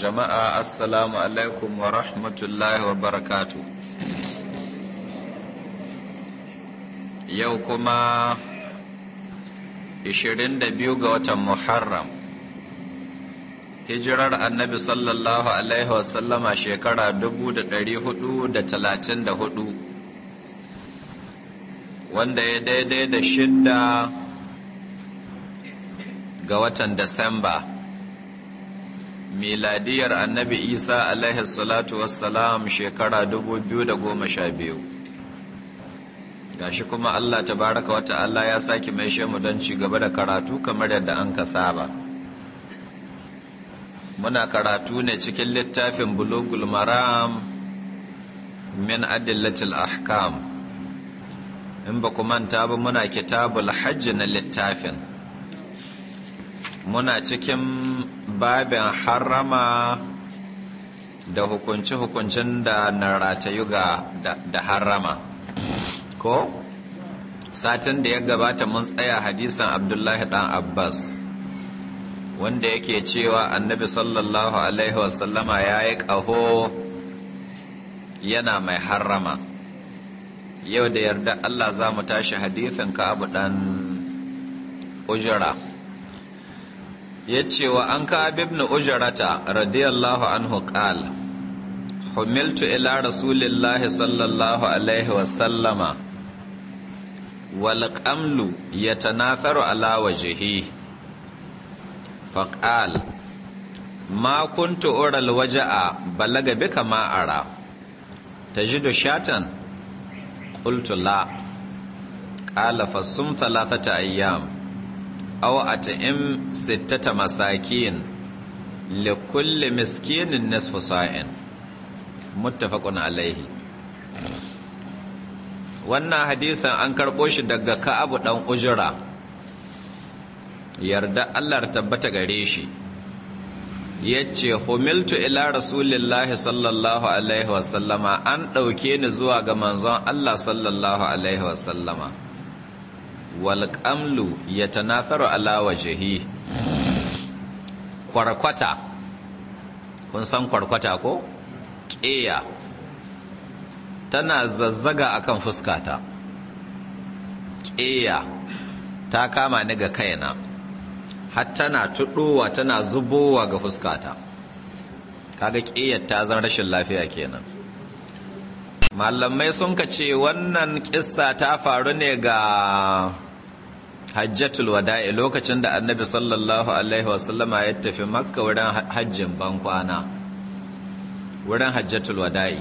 jama'a assalamu alaikum wa rahmatullahi wa barakatu yau kuma 22 ga watan muharram hijirar annabi sallallahu alaihi wasallama shekara 434 wanda ya daidai da shidda ga watan Disamba miladiyar annabi isa alaihi salatu wassalam shekara 2012 gashi kuma allah ta baraka wata Allah ya sake mai shemu don ci gaba da karatu kamar yadda an ka saba muna karatu ne cikin littafin bulugul maram min adillatil ahkam in ba ku manta ba muna kitabul hajji na littafin muna cikin babin harama da hukunci-hukuncin da na ratayu ga da harama ko satin da ya gabata mun tsaya hadisan abdullahi dan abbas wanda yake cewa annabi sallallahu alaihi wasallama ya yi ƙaho yana mai harama yau da yarda allah za mu tashi hadisin ka abu dan ujira yace wa an ka ibn ujrata radiyallahu anhu qala humiltu ila rasulillahi sallallahu alaihi wa sallama wal qamlu yatanafaru ala wajhihi faqala ma kuntu ural waja'a balaga bika ma ara tajidu shatan qultu la qala fasum thalathata ayyam aw at'im sittata masakin li kulli miskinin nisfu sa'in muttafaqun wannan hadisan an karɓo shi daga Ka'abu ɗan Ujra yarda Allah tabbata gare shi Ya ce humiltu ila rasulillahi sallallahu alaihi wasallama an ɗauke ni zuwa ga manzon Allah sallallahu alaihi wasallama walƙamlu ya tanafaru alawa jihi kwarkwata kun san kwarkwata ko ƙeya tana zazzaga akan fuskata ƙeya ta kama ni ga kaina har tana tuɗowa tana zubowa ga fuskata kaga ƙeya ta zan rashin lafiya kenan malamai sun ka ce wannan ƙista ta faru ne ga hajjatul wada'i lokacin da annabi sallallahu alaihi wasallama ya tafi makka wurin hajjin bankwana wurin hajjatul wada'i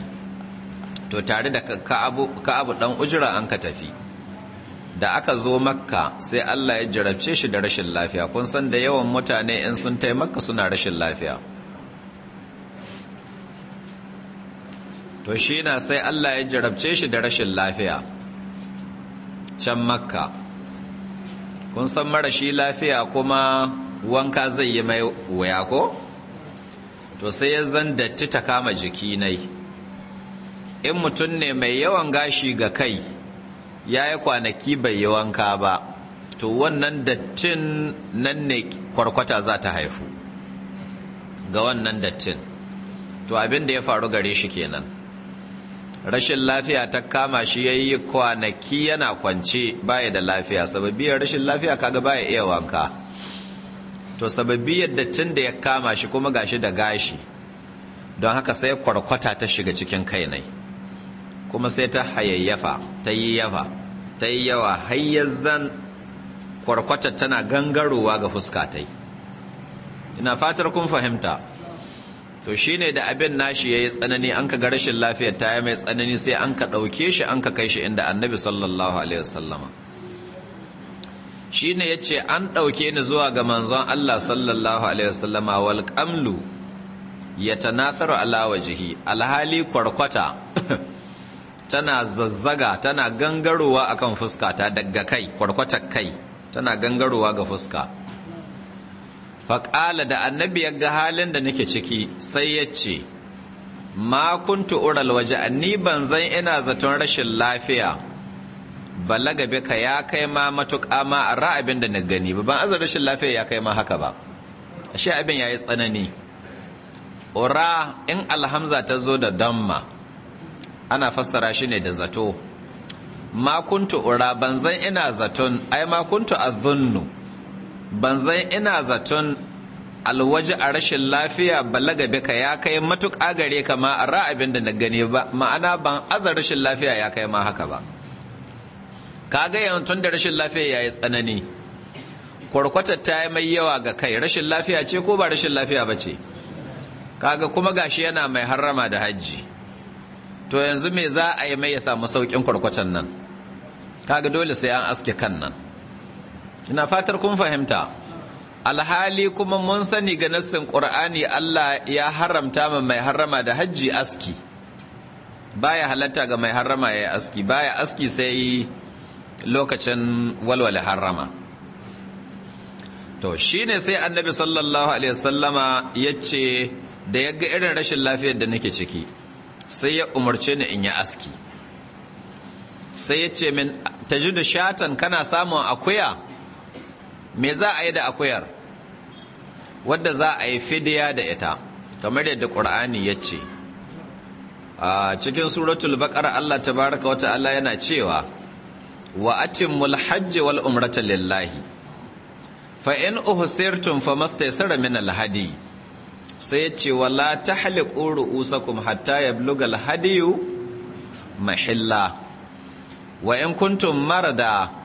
to tare da ka'abu dan ujira an ka tafi da aka zo makka sai Allah ya jarabce shi da rashin lafiya kun san da yawan mutane in sun tai makka suna rashin lafiya to shi na sai Allah ya jarabce shi da rashin lafiya can makka kun san mara shi lafiya kuma wanka zai yi mai wuya ko to sai ya zan datti ta kama jiki nai in mutum ne mai yawan gashi ga kai ya yi kwanaki bai yi wanka ba to wannan dattin nan ne kwarkwata za ta haifu ga wannan dattin to abin da ya faru gare shi kenan rashin lafiya ta kama shi ya yi kwanaki yana kwance baya da lafiya sababiyar rashin lafiya kaga baya iya wanka to sababiyar dattin da ya kama shi kuma gashi da gashi don haka sai kwarkwata ta shiga cikin kai ne kuma sai ta hayayyafa ta yi yafa ta yi yawa hayyazan kwarkwata tana gangarowa ga fuska ta ina fatar kun fahimta to shi ne da abin nashi ya yi tsanani an ka ga rashin lafiyar ta yi mai tsanani sai an ka ɗauke shi an ka kai shi inda annabi sallallahu alaihi wasallama ya ce an ɗauke ni zuwa ga manzon Allah sallallahu alaihi wasallama wal qamlu yatanatharu alawa jihi. alhali kwarkwata tana zazzaga tana gangarowa akan fuska ta daga kai kwarkwata kai tana gangarowa ga fuska faƙala da annabi ya ga halin da nake ciki sai ya ce ma kuntu ural waje ni ban zan ina zaton rashin lafiya balaga ka ya kai ma matuƙa ma a abin da na gani ba ban azar rashin lafiya ya kai ma haka ba ashe abin ya yi tsanani ura in alhamza ta zo da damma ana fassara shi ne da zato ma ura ban zan ina zaton ai ma kuntu zunnu ban zan ina zaton alwaji a rashin lafiya balaga ka ya kai matuƙa gare ka ma a abin da na gani ba ma'ana ban aza rashin lafiya ya kai ma haka ba ka ga tun da rashin lafiya ya yi tsanani kwarkwata ta yi mai yawa ga kai rashin lafiya ce ko ba rashin lafiya ba ce kaga kuma gashi yana mai harrama da hajji to yanzu me za a yi mai ya samu sauƙin kwarkwatan nan kaga dole sai an aske kan nan ina fatar kun fahimta alhali kuma mun sani ga nassin ƙur'ani, Allah ya haramta ma mai harama da hajji aski baya halatta ga mai harama ya aski baya aski sai lokacin walwale harama. to shine sai annabi sallallahu alaihi wasallama ya ce da ya ga irin rashin lafiyar da nake ciki sai ya umarce ni in yi aski sai ya ce min tajidu shatan kana samun akuya me za a yi da akuyar wadda za a yi fidiya da ita kamar yadda ƙur'ani ya ce a cikin suratul baƙar Allah Ta baraka wata allah yana cewa wa atimmul mulhajji wal umrata lillahi fa in uhsirtum famastaysara min alhadi. Sai sai ce wala tahliqu ru'usakum hatta ya bluga hadiyu mahilla wa in kuntum marada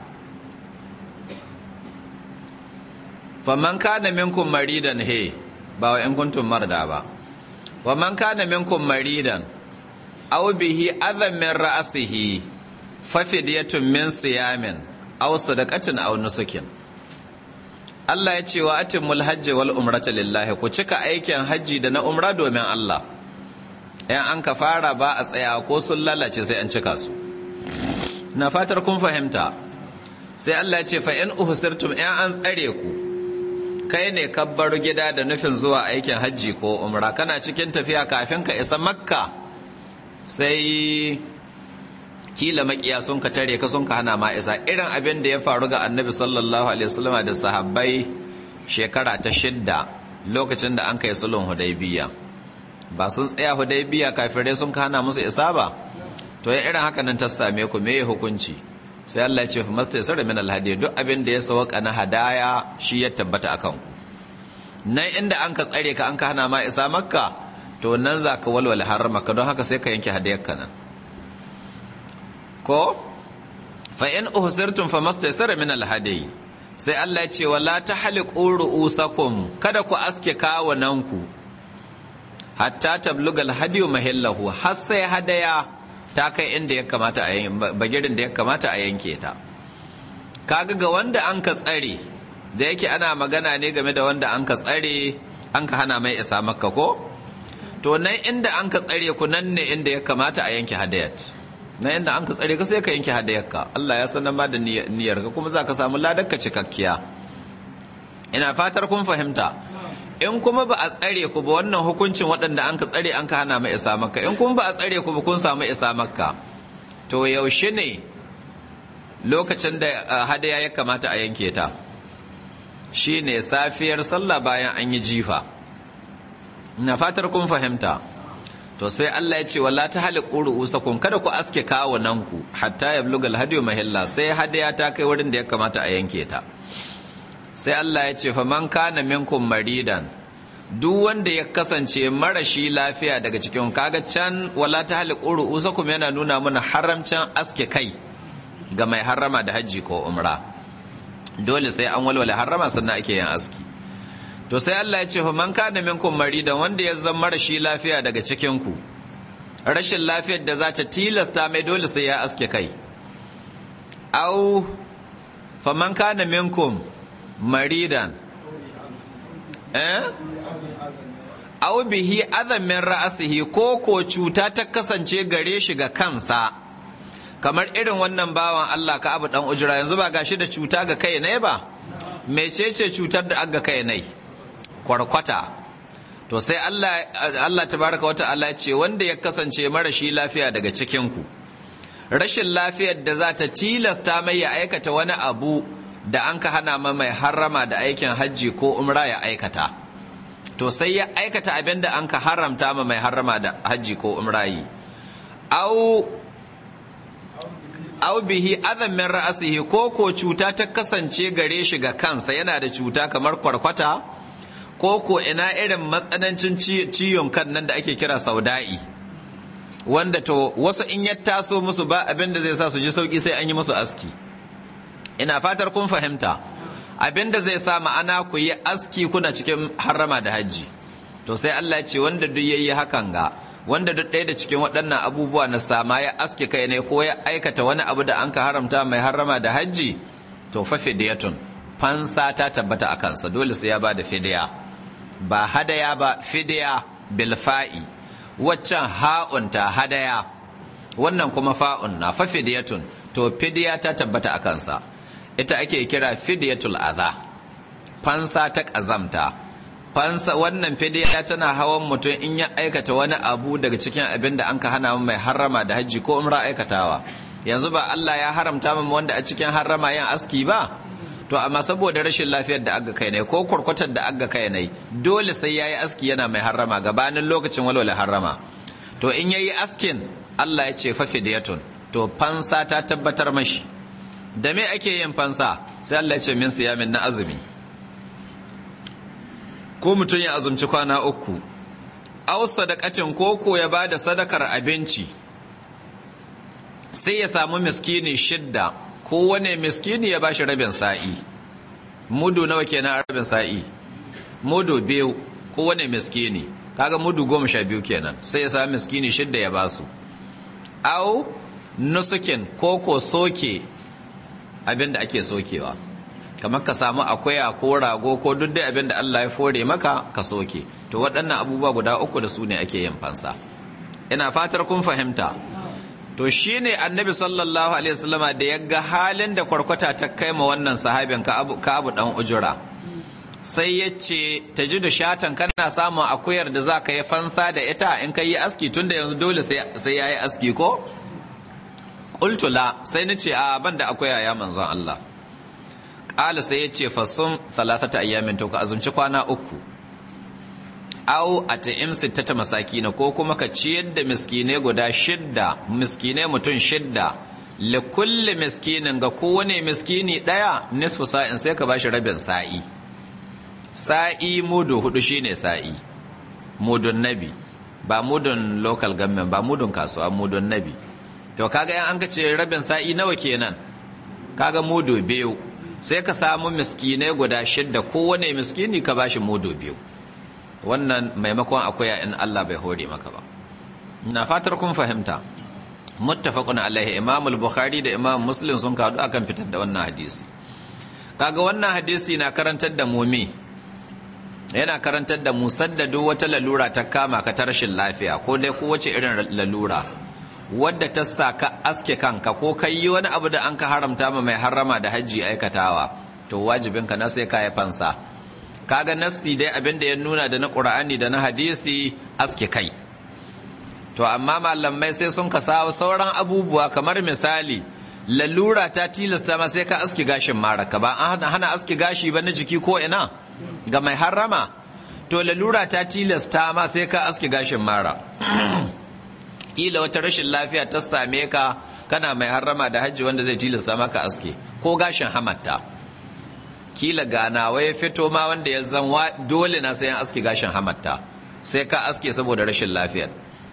faman kana minkum maridan he ba wa in kuntum marda ba faman kana minkum maridan aw bihi adhan min ra'sihi fa fidyatun min siyamin aw sadaqatin aw nusukin Allah ya ce wa atimul hajji wal umrata lillahi ku cika aikin hajji da na umra domin Allah yan an ka fara ba a tsaya ko sun lalace sai an cika su na fatar kun fahimta sai Allah ya ce fa in uhsirtum yan an tsare ku kai ne ka bar gida da nufin zuwa aikin hajji ko umra kana cikin tafiya kafin ka isa makka sai kila makiya sun ka tare ka sun ka hana ma isa irin abin da ya faru ga annabi sallallahu alaihi wasallama da sahabbai shekara ta shidda lokacin da an kai sulhun hudaybiya ba sun tsaya hudaybiya kafirai sun ka hana musu isa ba to irin haka nan ta same ku me hukunci sai Allah ya ce masta yasar min alhadi duk abin da ya sawaka na hadaya shi ya tabbata akan ku nan inda an ka tsare ka an ka hana ma isa makka to nan za ka walwale harama ka don haka sai ka yanke hadayar ka nan ko fa in uhsirtum fa masta yasar min alhadi sai Allah ya ce wala tahliqu ru'usakum kada ku aske kawunanku hatta tablugal hadiyu mahillahu har sai hadaya ta kai inda ya kamata a yanke bagirin da ya kamata a yanke ta kaga ga wanda an ka tsare da yake ana magana ne game da wanda an ka tsare an ka hana mai isa makka ko to nan inda an ka tsare ku nan ne inda ya kamata a yanke hadayat na inda an ka tsare ka sai ka yanke hadayat ka Allah ya sanar ma da niyyar ka kuma za ka samu ladar ka cikakkiya ina fatar kun fahimta in kuma ba a tsare ku ba wannan hukuncin waɗanda an ka tsare an ka hana mai isa makka in kuma ba a tsare ku ba kun samu isa makka to yaushe ne lokacin da uh, hadaya ya kamata a yanke ta Shi ne safiyar sallah bayan an yi jifa na fatar kun fahimta to sai Allah ya ce wala ta haliqu kun kada ku aske kawo nan ku hatta yablugal hadiyu mahilla sai hadaya ta kai wurin da ya kamata a yanke ta sai Allah ya ce fa man kana minkum maridan duk wanda ya kasance marashi lafiya daga cikin kaga can wala ta halik uru'usa kuma yana nuna mana haramcin aske kai ga mai harama da hajji ko umra dole sai an walwala harama sannan ake yin aski to sai Allah ya ce fa man kana minkum maridan wanda ya zama marashi lafiya daga cikin ku rashin lafiyar da za ta tilasta mai dole sai ya aske kai au faman kana minkum maridan eh aw bihi azamin ra'asihi ko ko cuta ta kasance gare shi ga kansa kamar irin wannan bawan Allah ka abu dan ujira yanzu ba gashi da cuta ga kai ne ba mecece cutar da aga kai ne kwarkwata to sai Allah Allah tabaraka wata Allah ce wanda ya kasance mara shi lafiya daga cikin ku rashin lafiyar da za ta tilasta mai ya aikata wani abu da an ka hana ma mai harama da aikin hajji ko umra ya aikata to sai ya aikata abin da an ka haramta ma mai harama da hajji ko umra yi au bihi adam min ra'sihi ko ko cuta ta kasance gare shi ga kansa yana da cuta kamar kwarkwata ko ko ina irin matsanancin ciyon kan nan da ake kira sauda'i wanda to wasu in ya taso musu ba abin da zai sa su ji sauki sai an yi musu aski ina fatar kun fahimta abinda zai sa ma'ana ku yi aski kuna cikin harama da hajji to sai Allah ce wanda duk yayi hakan ga wanda duk ɗaya da cikin waɗannan abubuwa na sama ya aske kai ne ko ya aikata wani abu da an ka haramta mai harama da hajji to fa fidiyatun fansa ta tabbata a kansa dole sai ya ba da fidiya ba hadaya ba fidiya bilfa'i waccan ha'un ta hadaya wannan kuma fa'un na fa fidiyatun to fidiya ta tabbata a kansa ita ake kira fidyatul adha fansa ta ƙazamta fansa wannan fidya tana hawan mutum in ya aikata wani abu daga cikin abin da an ka hana mai harrama da hajji ko umra aikatawa yanzu ba Allah ya haramta mu wanda a cikin harrama yin aski ba to amma saboda rashin lafiyar da aka kai ne ko kurkwatar da aka kai ne dole sai yayi aski yana mai harrama gabanin lokacin walwala harrama to in yayi askin Allah ya ce fa fidyatun to fansa ta tabbatar mashi da me ake yin fansa sai Allah ce min siyamin na azumi ko mutum ya azumci kwana uku aw sadaqatin koko ya bada sadakar abinci sai ya samu miskini shidda ko wane miskini ya bashi rabin sa'i mudu nawa kenan rabin sa'i mudu biyu ko wane miskini kaga mudu goma sha biyu kenan sai ya samu miskini shidda ya basu au nusukin koko soke abin da ake sokewa kamar ka samu akwaya ko rago ko duk dai abin da Allah ya fore maka ka soke to waɗannan abubuwa guda uku da su ne ake yin fansa ina fatar kun fahimta to shine annabi sallallahu alaihi wasallama da ya ga halin da kwarkwata ta kai ma wannan sahabin ka abu dan ujura sai ya ce ta ji da shatan kana samun akuyar da za ka yi fansa da ita in ka yi aski tunda yanzu dole sai ya yi aski ko qultu la sai nace a ban da akwai yaya manzon Allah qala sai ya ce fasum talatata ayyamin to ka azumci kwana uku au a ta masaki masakina ko kuma ka ciyar da miskinai guda shidda miskinai mutum shidda li kulli miskinin ga kowane miskini ɗaya, nisfu sa'in sai ka bashi rabin sa'i sa'i mudu hudu shine sa'i mudun nabi ba mudun local government ba mudun kasuwa mudun nabi to kaga yan an ka ce rabin sa'i nawa kenan kaga modo biyu sai ka samu miskinai guda shidda kowane miskini ka bashi modo biyu wannan maimakon akwai in Allah bai hore maka ba Ina fatar kun fahimta muttafaqun alaihi imam al-bukhari da imam muslim sun kadu akan fitar da wannan hadisi kaga wannan hadisi na karantar da Mumi yana karantar da musaddadu wata lalura ta kama ka ta rashin lafiya ko dai kowace irin lalura wadda ta sa ka aske kanka ko ka yi wani abu da an ka haramta ma mai harama da hajji aikatawa to wajibinka na sai ka yi fansa kaga nasti dai abin da ya nuna da na ƙura'ani da na hadisi aske kai to amma malamai sai sun ka sauran abubuwa kamar misali lalura ta tilasta ma sai ka aske gashin mara. Ka ba hana aske gashi ba na jiki ko ina ga mai harrama to lalura ta tilasta ma sai ka aske gashin mara kila wata rashin lafiya ta same ka kana mai harrama da hajji wanda zai tilasta maka aske ko gashin hamatta kila ganawa ya fito ma wanda ya zama dole na sayan aske gashin hamatta sai ka aske saboda rashin lafiyar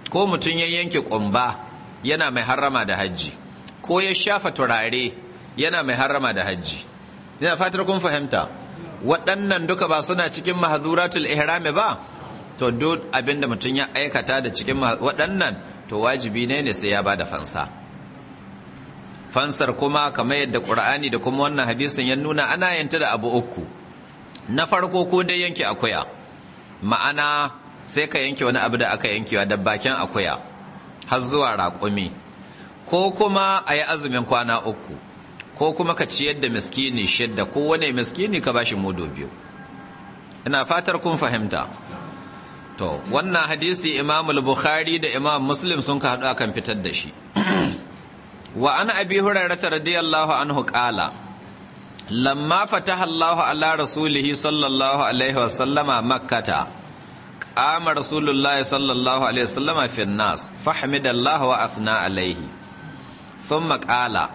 ko mutum ya yanke kumba yana mai harrama da hajji ko ya shafa turare yana mai harrama da hajji ina fatar kun fahimta waɗannan duka ba suna cikin mahazuratul ihrami ba to duk abinda mutum ya aikata da cikin waɗannan to wajibi ne ne sai ya bada fansa fansar kuma kamar yadda qur'ani da kuma wannan hadisin ya nuna ana yanta da abu uku na farko ko dai yanke akuya ma'ana sai ka yanke wani abu da aka yankewa da bakin akuya har zuwa raƙumi ko kuma a yi azumin kwana uku ko kuma ka ciyar da miskini shidda ko wani miskini ka ba shi mudo biyu ina fatar kun fahimta to wannan hadisi imam al-bukhari da imam muslim sun ka hadu akan fitar da shi wa an abi hurairah radiyallahu anhu qala lamma fataha Allah ala rasulih sallallahu alaihi wa sallama makkata qama rasulullah sallallahu alaihi wa sallama fi nas fahmidallahu wa athna alaihi thumma qala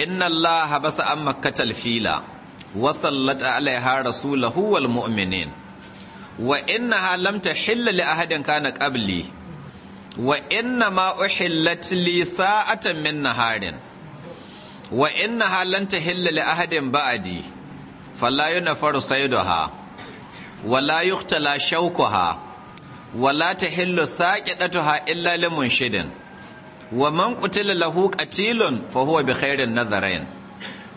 inna Allah habasa an makkata al-fila wa sallata alaiha rasulahu wal mu'minin wa inna lam tahilla li ahadin kana qabli wa inna ma uhillat li sa'atan min naharin wa innaha lan tahilla li ahadin ba'di fala yunfaru sayduha wa la yuqtala shawkuha wa la tahillu saqidatuha illa li munshidin wa man qutila lahu qatilun fa huwa bi khairin nadharain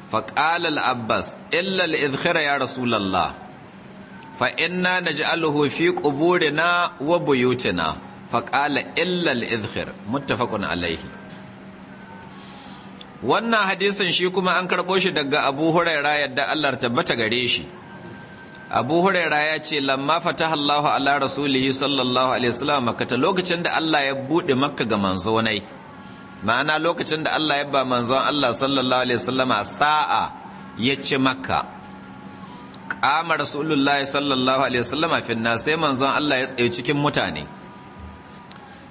فقال العباس إلا الإذخر يا رسول الله fa inna naj'aluhu fi quburina wa buyutina fa illal izhir al alaihi wannan hadisin shi kuma an karɓo shi daga abu huraira yadda allah tabbata gare shi abu huraira ya ce lamma fata Allahu ala rasulihi sallallahu alaihi wasallam ta lokacin da allah ya buɗe makka ga manzonai ma'ana lokacin da allah ya ba manzon allah sallallahu alaihi sa'a ya ci makka qama rasulullahi sallallahu alaihi wasallam fin sai manzon Allah ya tsaye cikin mutane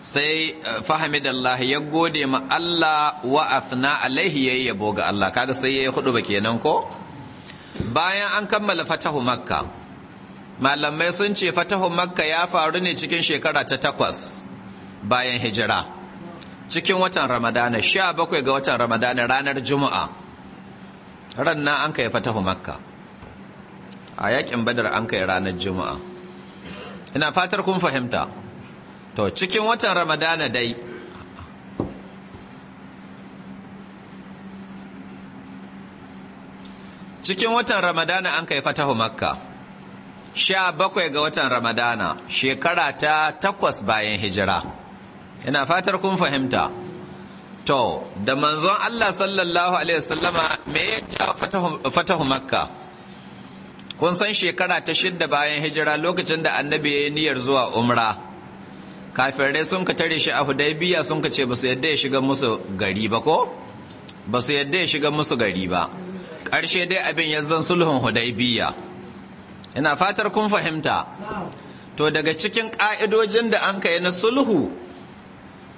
sai eh, Allah ya gode ma Allah wa afna alaihi yayi yabo ga Allah kaga sai yi hudu ba kenan ko bayan an kammala fatahu makka malamai sun ce fatahu makka ya faru ne cikin shekara ta takwas bayan hijira cikin watan ramadana sha bakwai ga watan ramadana ranar juma'a ran nan an kai fatahu makka a yakin badar an kai ranar juma'a ina fatar kun fahimta to cikin watan ramadana dai cikin watan ramadana an kai fatahu makka sha bakwai ga watan ramadana shekara ta takwas bayan hijira ina fatar kun fahimta to da manzon allah sallallahu alaihi wasallama me ya fatahu makka kun san shekara ta shidda bayan hijira lokacin da annabi ya yi niyyar zuwa umra kafirai sun ka tare shi a hudaybiya sun ka ce ba su yadda ya shiga musu gari ba ko ba su yadda ya shiga musu gari ba ƙarshe dai abin ya zan sulhun hudaybiya ina fatar kun fahimta to daga cikin ƙa'idojin da an ka yi na sulhu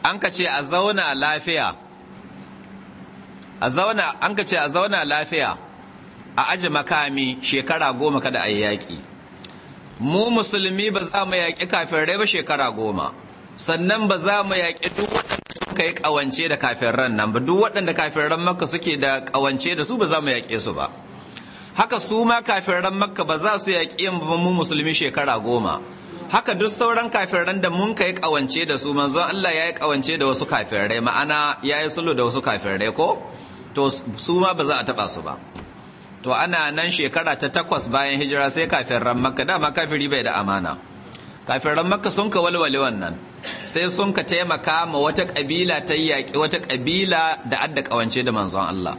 an an ka ce a zauna lafiya a aji makami shekara goma kada a yi yaƙi mu musulmi ba za mu yaƙi kafin rai ba shekara goma sannan ba za mu yaƙi duk waɗanda suka yi ƙawance da ran nan ba duk waɗanda kafin ran maka suke da ƙawance da su ba za mu yaƙe su ba haka su ma kafin ran maka ba za su yaƙi yin ba mu musulmi shekara goma haka duk sauran kafiran da mun kai kawance da su manzon Allah ya yi kawance da wasu kafirai ma'ana ya yi sulhu da wasu kafirai ko to su ma ba za a taɓa su ba to ana nan shekara ta takwas bayan hijira sai kafin ran makka dama kafiri bai da amana kafin ran sun ka walwale wannan sai sun ka taimaka ma wata kabila ta yaƙi wata kabila da adda kawance da manzon Allah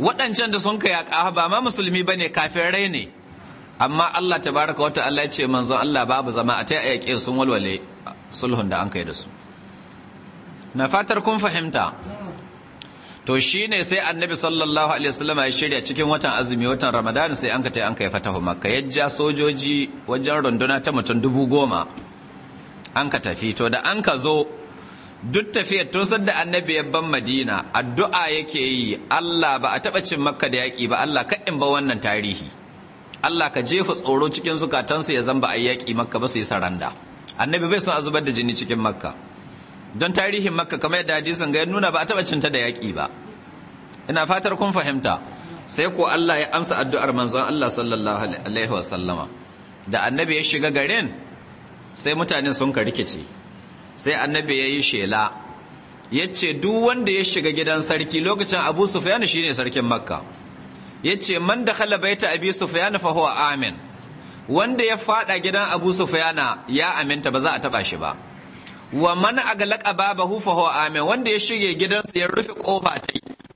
waɗancan da sun ka yaƙa ah, ba ma musulmi ba bane rai ne amma Allah ta baraka wata Allah ya ce manzon Allah babu zama a ta yaƙe sun walwale sulhun da an kai da su na fatar kun fahimta to shi ne sai annabi sallallahu alaihi wasallam ya shirya cikin watan azumi watan ramadan sai an ka tai an kai fatahu makka yajja sojoji wajen runduna ta mutum dubu goma an ka tafi to da an ka zo duk tafiyar tun da annabi ya ban madina addu'a yake yi Allah ba a taba cin makka da yaƙi ba Allah ka in ba wannan tarihi Allah ka jefa tsoro cikin zukatansu ya zamba a yaƙi makka ba su yi saranda annabi bai son a zubar da jini cikin makka don tarihin makka kamar yadda hadisin ga ya nuna ba a taɓa cinta da yaƙi ba ina fatar kun fahimta sai ko Allah ya amsa addu'ar manzon Allah sallallahu alaihi wa sallama da annabi ya shiga garin sai mutane sun ka rikice sai annabi ya yi shela yace duk wanda ya shiga gidan sarki lokacin abu sufyan shine sarkin makka yace ce man da khala baita abi sufyan fa huwa amin wanda ya fada gidan abu Sufyan ya aminta ba za a taba shi ba wa man aglaqa babahu fa huwa amin wanda ya shige gidansa ya rufe kofa ta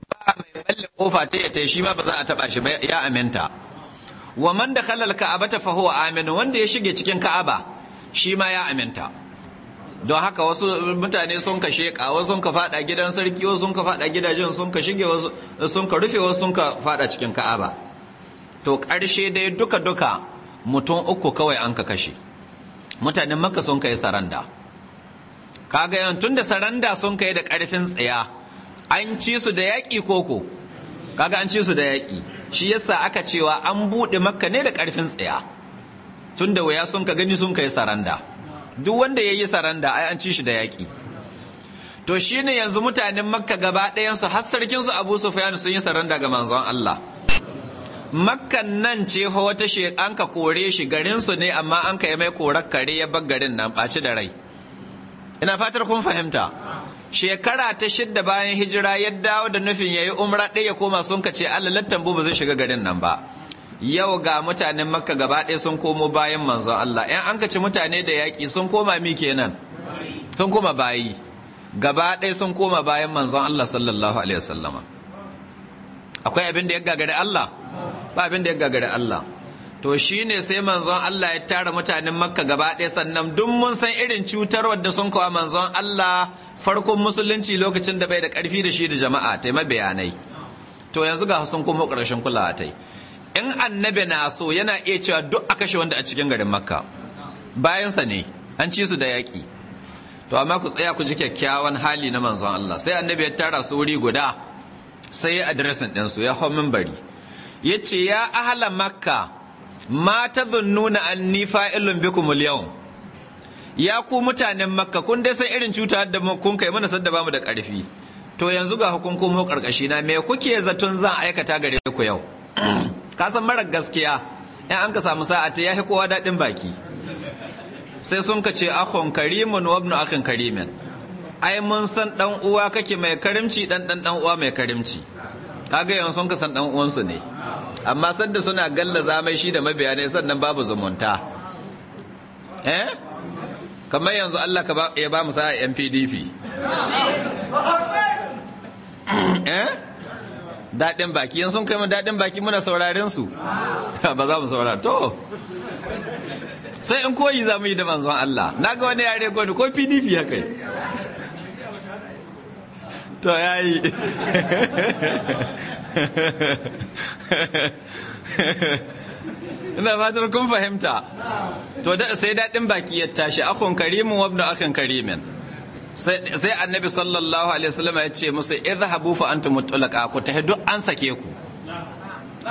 ba mai balle kofa ta ya tai shi ma ba za a taba shi ba ya aminta wa man dakhala Ka'aba fa huwa amin wanda ya shige cikin ka'aba shi ma ya aminta don haka wasu mutane sun ka sheka wasu sun ka fada gidan sarki wasu sun ka fada gidajen sun ka shige wasu sun ka rufe wasu sun ka fada cikin ka'aba to ƙarshe dai duka duka mutum uku kawai an ka kashe mutanen makka sun kai saranda kaga yan da saranda sun kai da karfin tsaya an ci su da yaƙi koko kaga an ci su da yaƙi shi yasa aka cewa an buɗe makka ne da karfin tsaya Tun da waya sun ka gani sun kai saranda duk wanda ya yi saranda ai an ci shi da yaƙi to shi ne yanzu mutanen makka gaba ɗayansu har sarkinsu abu sufyan sun yi saranda ga manzon allah makkan nan ce wata she an ka kore shi garinsu ne amma an ka yi mai korar kare ya bar garin nan ɓaci da rai ina fatar kun fahimta shekara ta shidda bayan hijira ya dawo da nufin yayi umra ɗaya koma sun ka ce Allah lattan bu zai shiga garin nan ba yau ga mutanen makka gaba ɗaya sun komo bayan manzon Allah yan an kace mutane da yaƙi sun koma mi kenan sun koma bayi gaba ɗaya sun koma bayan manzon Allah sallallahu alaihi wasallama akwai abin da ya gagari Allah ba abin da ya gagari Allah to shi ne sai manzon Allah ya tara mutanen makka gaba ɗaya sannan duk mun san irin cutar da sun kawa manzon Allah farkon musulunci lokacin da bai da ƙarfi da shi da jama'a ta yi bayanai to yanzu ga sun kuma ƙarshen kulawa ta in annabi na so yana iya cewa duk a kashe wanda a cikin garin makka bayansa ne an ci su da yaƙi to amma ku tsaya ku ji kyakkyawan hali na manzon Allah sai annabi ya tara su wuri guda sai ya adiresin ɗinsu ya hau mimbari ya ce ya ahala makka ma tazunnuna anni nifa bikum al-yawm ya ku mutanen makka kun dai san irin cuta da kun kai mana sadda bamu da karfi to yanzu ga hukunkun mu karkashi na me kuke zaton zan aikata gare ku yau ka san marar gaskiya in an ka samu sa'a ta yahi kowa dadin baki sai sun ka ce akhun karimun wa ibnu akhin karimin ai mun san dan uwa kake mai karimci dan dan dan uwa mai karimci kaga yanzu sun ka san dan uwansu ne amma sanda suna gallaza mai shi da mabiyanai sannan babu zumunta eh kamar yanzu Allah ka ya ba mu sa yan PDP eh daɗin baki yan sun kai mu daɗin baki muna sauraren su ba za mu saurara to sai in koyi za mu yi da manzon Allah na ga wani yare gwani ko pdp ya kai to ya yi ina fatar kun fahimta to sai daɗin baki ya tashi akun karimin wabda akon karimin sai annabi sallallahu alaihi wasallam ya ce musu idhabu fa antum mutlaqa ku ta duk an sake ku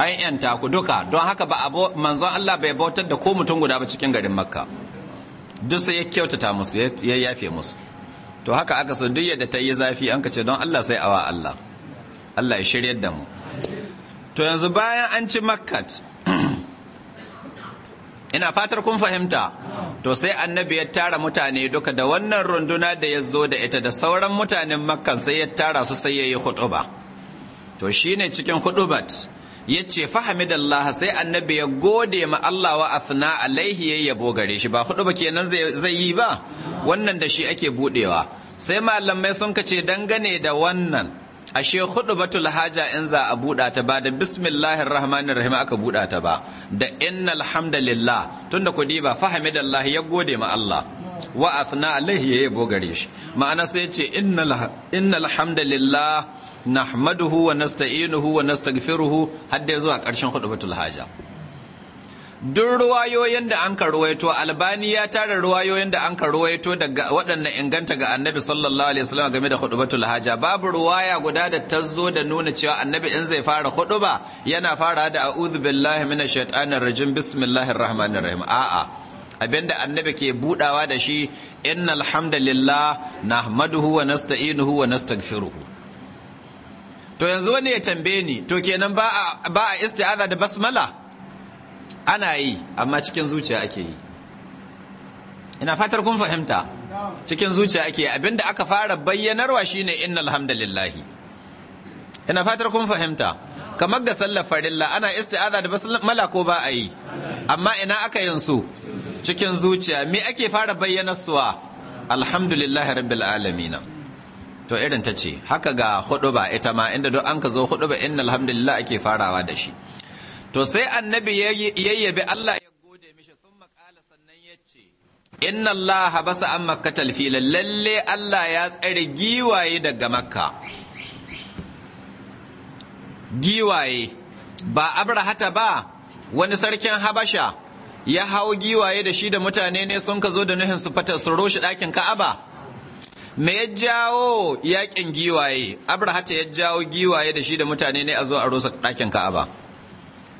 an ta ku duka don haka ba abo manzon Allah bai bautar da ko mutum guda ba cikin garin Makka duk sai ya kyautata musu ya yafe musu to haka aka so duk yadda ta yi zafi an ka ce don Allah sai awa Allah Allah ya shirya da mu to yanzu bayan an ci makkat ina fatar kun fahimta to sai annabi ya tara mutane duka da wannan runduna da ya zo da ita da sauran mutanen makkan sai ya tara su sai ya yi hutuba to shi ne cikin hutubat ya ce fahimidallah sai annabi ya gode ma Allah wa afna alaihi ya yabo gare shi ba hudu ba kenan zai yi ba wannan da shi ake budewa sai malamai sun kace dangane da wannan ashe khutbatul haja in za a buɗa ta ba da bismillahir rahmanir rahim aka buɗa ta ba da innal hamdalillah tunda ku diba fahimidallahi ya gode ma Allah wa afna alaihi ya yabo gare shi ma'ana sai ce innal hamdalillah nahmaduhu wa nasta'inuhu wa nastaghfiruhu har dai zuwa ƙarshen khutbatul haja duk ruwayoyin da an ka ruwaito albani ya tara ruwayoyin da an ka ruwaito daga waɗannan inganta ga annabi sallallahu alaihi wasallam game da hudubatul haja babu ruwaya guda da ta zo da nuna cewa annabi in zai fara huduba yana fara da a'udhu billahi minash shaitanir rajim bismillahir rahmanir rahim a'a abinda annabi ke budawa da shi innal hamdalillah nahmaduhu wa nasta'inuhu wa nastaghfiruhu to yanzu wani ya tambaye ni to kenan ba a ba a da basmala ana yi amma cikin zuciya ake yi ina fatar kun fahimta cikin zuciya ake abinda aka fara bayyanarwa shine innal alhamdulillahi. ina fatar kun fahimta kamar ga sallar farilla ana isti'aza da malako ko ba a yi amma ina aka yin su cikin zuciya me ake fara bayyanarsuwa alhamdulillahi rabbil alamin to irin ta ce haka ga hudu ba ita ma inda duk an ka zo hudu ba innal hamdalillah ake farawa da shi to sai annabi yayyabe Allah ya gode mishi sun makala sannan ya ce inna Allah basa an makkatal fila lalle Allah ya tsare giwaye daga makka giwaye ba abrahata ba wani sarkin habasha ya hau giwaye da shi da mutane ne sun ka zo da nuhin su fata su roshi ɗakin ka'aba me ya jawo yakin giwaye abrahata ya jawo giwaye da shi da mutane ne a zo a rusa ɗakin ka'aba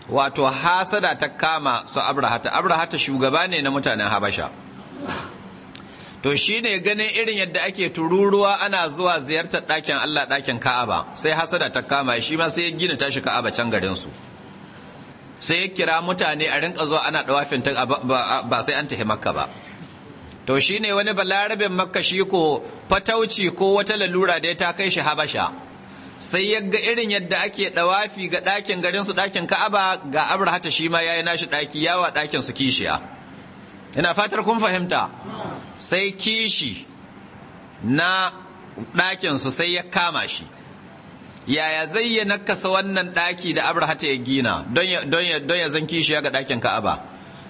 wato hasada ta kama su abrahata abrahata shugaba ne na mutanen habasha to shi ne ganin irin yadda ake tururuwa ana zuwa ziyartar ɗakin allah ɗakin ka'aba sai hasada ta kama shi ma sai ya gina tashi ka'aba can garinsu sai ya kira mutane a rinka zuwa ana ɗawafin ta ba sai an tafi makka ba to shi ne wani balarabin makka shi ko fatauci ko wata lalura da ya ta kai shi habasha sai ya ga irin yadda ake dawafi ga ɗakin garinsu ɗakin ka'aba ga abrahata shi ma yayi nashi ɗaki yawa ɗakin su kishiya ina fatar kun fahimta sai kishi na ɗakinsu sai ya kama shi yaya zai ya nakasa wannan ɗaki da abrahata ya gina don ya zan kishiya ga ɗakin ka'aba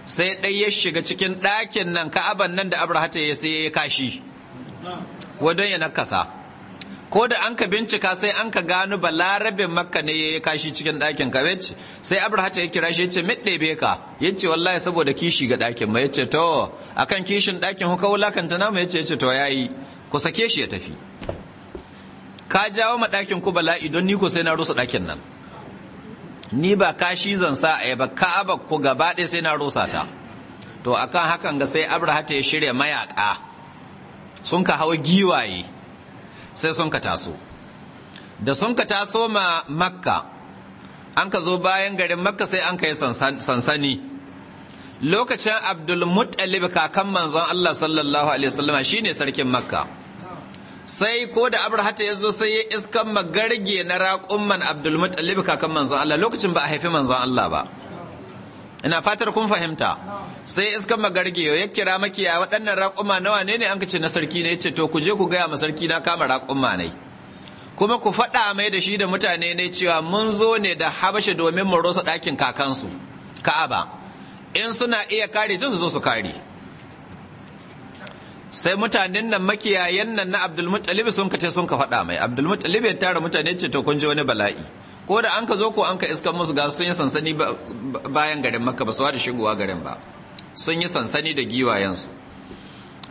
sai ɗai ya shiga cikin ɗakin nan ka'aban nan da abrahata ya sai ya kashi wadon ya nakasa ko da an ka bincika sai an ka gano balarabin makka ne ya kashi cikin ɗakin ka yace sai abraha ya kira shi yace mit ɗebe ka yace wallahi saboda kishi ga ɗakin ma yace to akan kishin ɗakin huka wulakanta namu yace yace to yayi ku sake shi ya tafi ka jawo ma ɗakin ku bala'i don ni ko sai na rusa ɗakin nan ni ba kashi zan sa a ba ka'aba ku gaba ɗaya sai na rusa ta to akan hakan ga sai abraha ya shirya mayaka sun ka hawa giwaye sai sun ka taso da sun ka taso ma makka an ka zo bayan garin makka sai an ka yi sansani lokacin abdulmuttalib kakan manzon allah sallallahu alaihi wasallama shine sarkin makka sai ko da abrahata ya zo sai ya iskan magarge na raƙumman abdulmuttalib kakan manzon allah lokacin ba a haifi manzon allah ba ina fatar kun fahimta sai iskan magarge ya kira makiya waɗannan raƙuma nawa ne ne an ce na sarki ne ce to ku je ku gaya ma sarki na kama raƙuma ne kuma ku faɗa mai da shi da mutane ne cewa mun zo ne da habashe domin mu rusa ɗakin kakansu ka'aba in suna iya kare ta su zo su kare sai mutanen nan makiyayen nan na abdulmuttalib sun kace sun ka faɗa mai abdulmuttalib ya tara mutane ce to kun je wani bala'i ko da an ka zo ko an ka iska musu ga sun yi sansani bayan garin makka ba su da shigowa garin ba sun yi sansani da giwayensu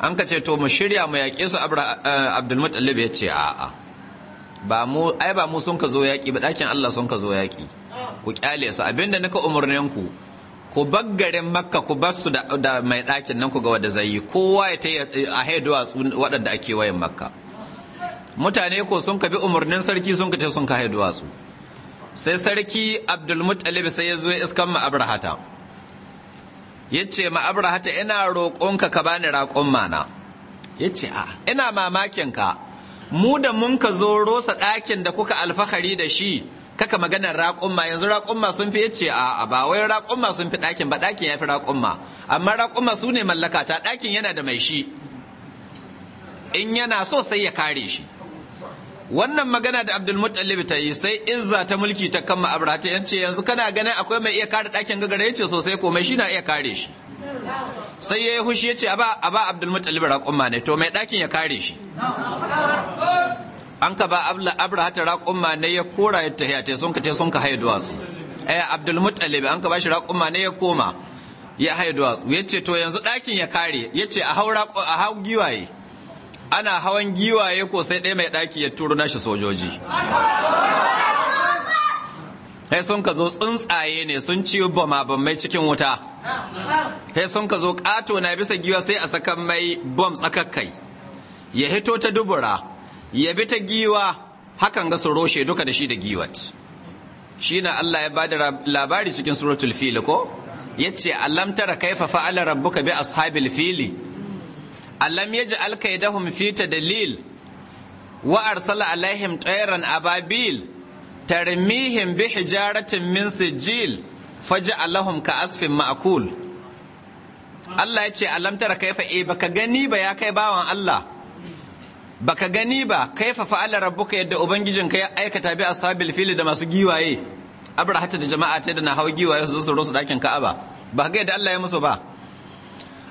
an ka ce to mu shirya mu yaƙe su eh, abdulmutallib ya ce a'a ba mu ai ba mu sun ka zo yaƙi ba ɗakin allah sun ka zo yaƙi ku ƙyale su abinda nika umarnin ku ku bar garin makka ku bar su da mai ɗakin nan ku ga wadda zai yi kowa ya ta a haiduwa waɗanda ake wayan makka mutane ko sun ka bi umarnin sarki sun ka ce sun ka haiduwa su sai sarki abdulmutalib sai ya zo iskan ma'abrahata ya ce ma'abrahata ina roƙonka ka bani raƙon mana ya ce a ina mamakinka mu da mun ka zo rosa ɗakin da kuka alfahari da shi kaka maganar raƙumma yanzu raƙumma sun fi yace a ba wai raƙumma sun fi ɗakin ba ɗakin ya fi raƙumma amma raƙumma su ne mallaka ta ɗakin yana da mai shi in yana so sai ya kare shi wannan magana da abdul mutallib ta yi sai izza ta mulki ta kama abrata yan ce yanzu kana ganin akwai mai iya kare ɗakin gagara yace sosai komai shi na iya kare shi sai ya yi hushi yace ce a ba abdul mutallib raƙumma ne to mai ɗakin ya kare shi an ka ba abrata raƙumma ne ya kora ya tahiya ta sun ka te sun ka haye duwatsu eh abdul mutallib an ka ba shi raƙumma ne ya koma ya haye duwatsu ya ce to yanzu ɗakin ya kare ya ce a hau giwaye ana hawan giwaye ko sai ɗaya mai ɗaki ya turo nashi sojoji sai sun ka zo tsuntsaye ne sun ci bama mai cikin wuta sai sun ka zo ƙato na bisa giwa sai a saka mai bom tsakakkai ya hito ta dubura ya bi ta giwa hakan ga su roshe duka da shi da giwat shi na Allah ya ba da labari cikin suratul fili ko ya ce alam tara kaifa fa'ala rabbuka bi ashabil fili alam yaji kaydahum fi dalil, wa arsala alaihim tayran ababil tarmihim bi hijaratin min sijil alahum ka asfin ma'kul Allah ya ce alam tara kaifa e eh, baka gani ba ya kai bawan Allah baka gani ba kaifa fa'ala rabbuka yadda ubangijin ka ya aikata bi ashabil fili da masu giwaye abrahata da jama'a ta da na hau giwaye su zo su rusu dakin ka'aba ba ga yadda Allah ya musu ba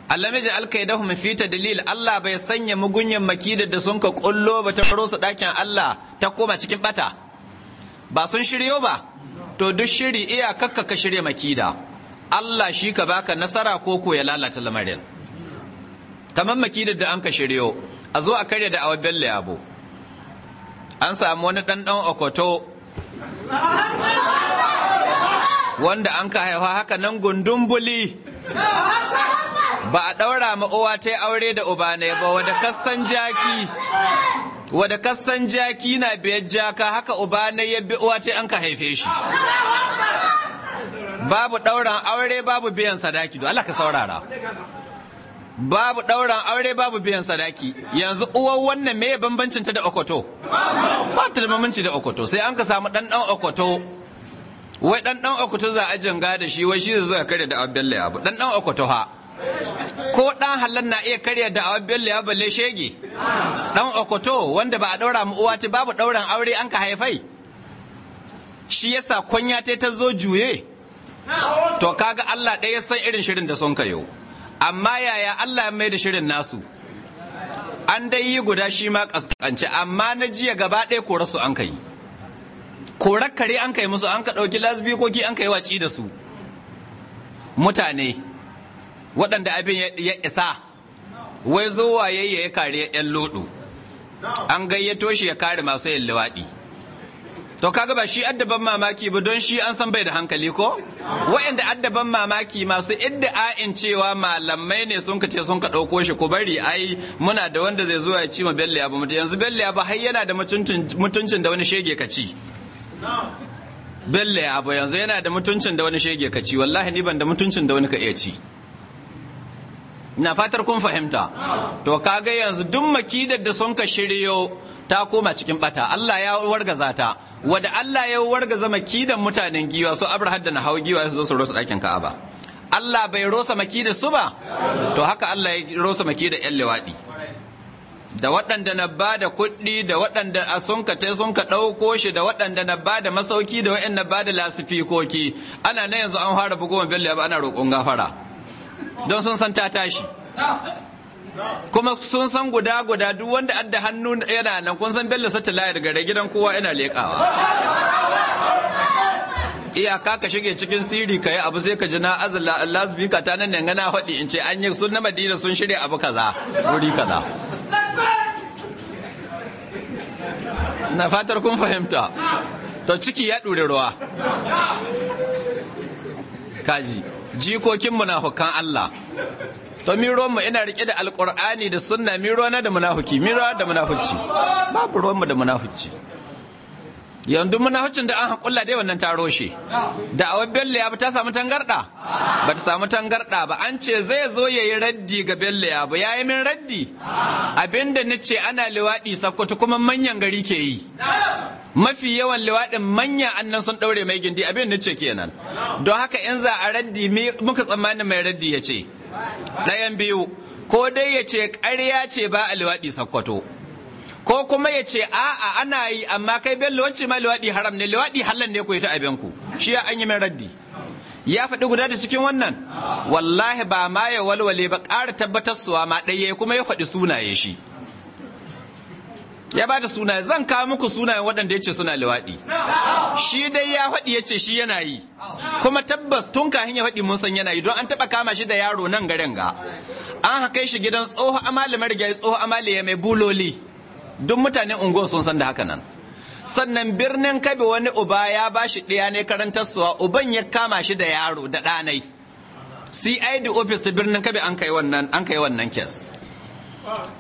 Allah miji mu mafita dalil Allah bai sanya mugunyan makidar da sun ka kullo ba ta faro su dakin Allah ta koma cikin bata ba sun shiryo ba to duk shiri iya kakka ka shirya makida Allah shi ka baka nasara ko ko ya lalata lamarin kamar makidar da an ka shiryo a zo a karya da awa belle abu an samu wani dan dan okoto wanda an ka haifa haka nan gundumbuli ba a ɗaura ma uwa ta aure da uba ne ba wadda kastan jaki wadda kastan jaki na biyar jaka haka uba ne ya bi uwa ta an ka haife shi babu ɗauran aure babu biyan sadaki don Allah ka saurara babu ɗauran aure babu biyan sadaki yanzu uwar wannan me bambancin ta da okoto ba ta da bambanci da okoto sai an ka samu ɗan ɗan okoto wai ɗan ɗan okoto za a janga da shi wai shi zai zo ya kare da abdullahi abu ɗan ɗan okoto ha ko ɗan halar na iya karya da awa bello ya balle shege ɗan okoto wanda ba a ɗaura mu uwa ta babu ɗauran aure an ka haifai shi yasa kunya ta ta zo juye to kaga Allah ɗaya san irin shirin da son kayo amma yaya Allah ya mai da shirin nasu an dai yi guda shi ma kaskance amma na jiya gaba ɗaya kora su an kai korar kare an kai musu an ka ɗauki ki an kai waci da su mutane waɗanda abin ya isa wai zuwa yayya ya kare yan lodo an gayyato shi ya kare masu yin liwaɗi to kaga ba shi addaban mamaki ba don shi an san bai da hankali ko waɗanda addaban mamaki masu idda'a'in cewa malamai ne sun kace sun ka ɗauko shi ko bari ai muna da wanda zai zo ya ci ma belle abu mutum yanzu belle abu har yana da mutuncin da wani shege ka ci belle abu yanzu yana da mutuncin da wani shege ka ci wallahi ni ban da mutuncin da wani ka iya ci na fatar kun fahimta to kaga yanzu duk makidar da sun ka shiryo ta koma cikin bata Allah ya wargaza ta wanda Allah ya wargaza makidan mutanen giwa su Abraha da na hau giwa su zo su rusa ɗakin Ka'aba Allah bai rosa makidar su ba to haka Allah ya rosa makidar yan liwaɗi da waɗanda na ba da kuɗi da waɗanda a sun ka tai sun ka ɗauko shi da waɗanda na ba masauki da waɗanda na ba da lasifikoki ana na yanzu an fara bugowa bello ba ana roƙon gafara don sun san ta tashi kuma sun san guda guda duk wanda adda hannu yana nan kun san bello sata layar gare gidan kowa yana leƙawa iyaka ka shige cikin sirri ka yi abu sai ka ji na azala Bika ta nan yana faɗi in ce an yi sun na madina sun shirya abu kaza wuri kaza na fatar kun fahimta to ciki ya ɗure ruwa kaji jikokin munafukan Allah to mi mu ina rike da alqur'ani da sunna mi na da munafuki mi da munafuci babu ruwanmu da munafuci yanzu munafucin da an hakulla dai wannan taro shi da awar bello ya ta samu tangarɗa? ba ta samu tangarɗa ba an ce zai zo ya yi raddi ga bello ya ba ya yi min raddi abinda na ce ana liwaɗi sakkwato kuma manyan gari ke yi mafi yawan liwaɗin manya annan sun ɗaure mai gindi abin da ce kenan don haka in za a raddi muka tsammanin mai raddi ya ce ɗayan biyu ko dai ya ce ƙarya ce ba a liwaɗi sakkwato ko kuma ya ce a'a ana yi amma kai bello wacce ma liwaɗi haram ne liwaɗi hallan ne ku yi ta abin ku shi an yi min raddi ya faɗi guda da cikin wannan wallahi ba ma ya walwale ba ƙara tabbatar suwa ma ɗaya kuma ya faɗi sunaye shi ya ba da suna zan kawo muku sunayen waɗanda ya ce suna liwaɗi shi dai ya faɗi ya ce shi yana yi kuma tabbas tun kahin ya faɗi mun san yana yi don an taɓa kama shi da yaro nan garin ga an haka shi gidan tsoho amali marigayi tsoho amali ya mai buloli duk mutanen unguwar sun san da haka nan sannan birnin kabe wani uba ya ba shi ɗaya ne karantar suwa uban ya kama shi da yaro da ɗanai cid office ta birnin kabe an kai wannan kes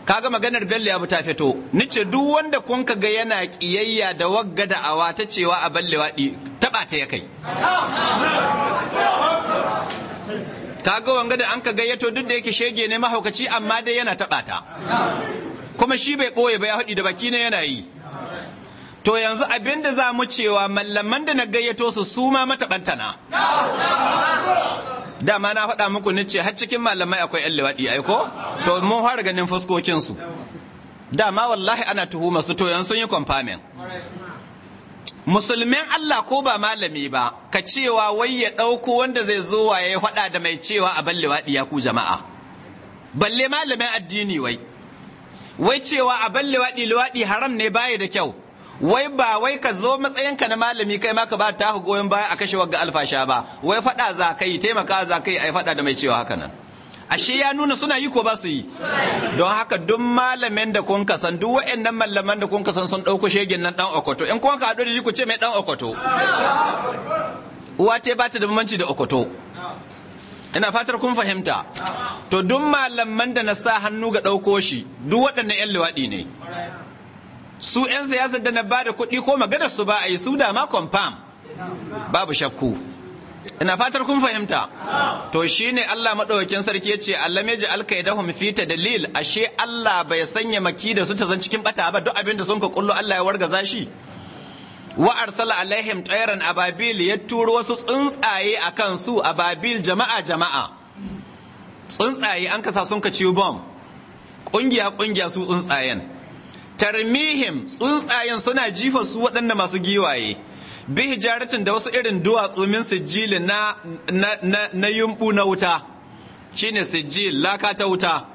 Ka ga maganar bello ya ta fito nice duk wanda kun ga yana kiyayya da wagga da awa ta cewa a balle wadi taba ta ya kai kaga wanga da an ka gayyato duk da yake shege ne mahaukaci amma dai yana taba ta kuma shi bai ɓoye ba ya haɗi da baki ne yana yi to yanzu abin da za mu cewa mallaman da na gayyato su su ma mataɓanta na dama na faɗa muku ni ce har cikin malamai akwai yan liwaɗi ai ko to mun fara ganin fuskokin su dama wallahi ana tuhuma su to yanzu sun yi kwamfamin musulmin Allah ko ba malami ba ka cewa wai ya ɗauko wanda zai zo wa ya yi faɗa da mai cewa a ban waɗi ya ku jama'a balle malamin addini wai wai cewa a ban waɗi luwaɗi haram ne baya da kyau wai ba wai ka zo matsayinka na malami kai ma ka ba ta goyon baya a kashe wagga alfasha ba wai faɗa za kai taimaka za kai ai faɗa da mai cewa haka nan ashe ya nuna suna yi ko ba su yi don haka duk malamin da kun kasan duk waɗannan malaman da kun kasan sun ɗauko shegin nan ɗan okoto in kun ka haɗu da shi ku ce mai ɗan okoto uwa ce ba ta da bambanci da okoto ina fatar kun fahimta to duk malaman da na sa hannu ga ɗauko shi duk waɗannan 'yan luwaɗi ne su 'yan siyasa da na ba da kuɗi ko magana su ba a yi su da ma confirm babu shakku ina fatar kun fahimta to shi ne Allah madaukakin sarki ya ce Allah meji alkaidahum fi dalil. ashe Allah bai sanya maki da su ta zan cikin bata ba duk abin da sun ka kullu Allah ya warga zashi? wa arsala alaihim tayran ababil ya turo wasu tsuntsaye akan su ababil jama'a jama'a tsuntsaye an kasa sun ka ciwo bomb kungiya kungiya su tsuntsayen tarmihim tsuntsayen suna jifa su waɗanda masu giwaye bi hijaratin da wasu irin duwatsu min sijili na na yumbu na wuta shine sijil laka ta wuta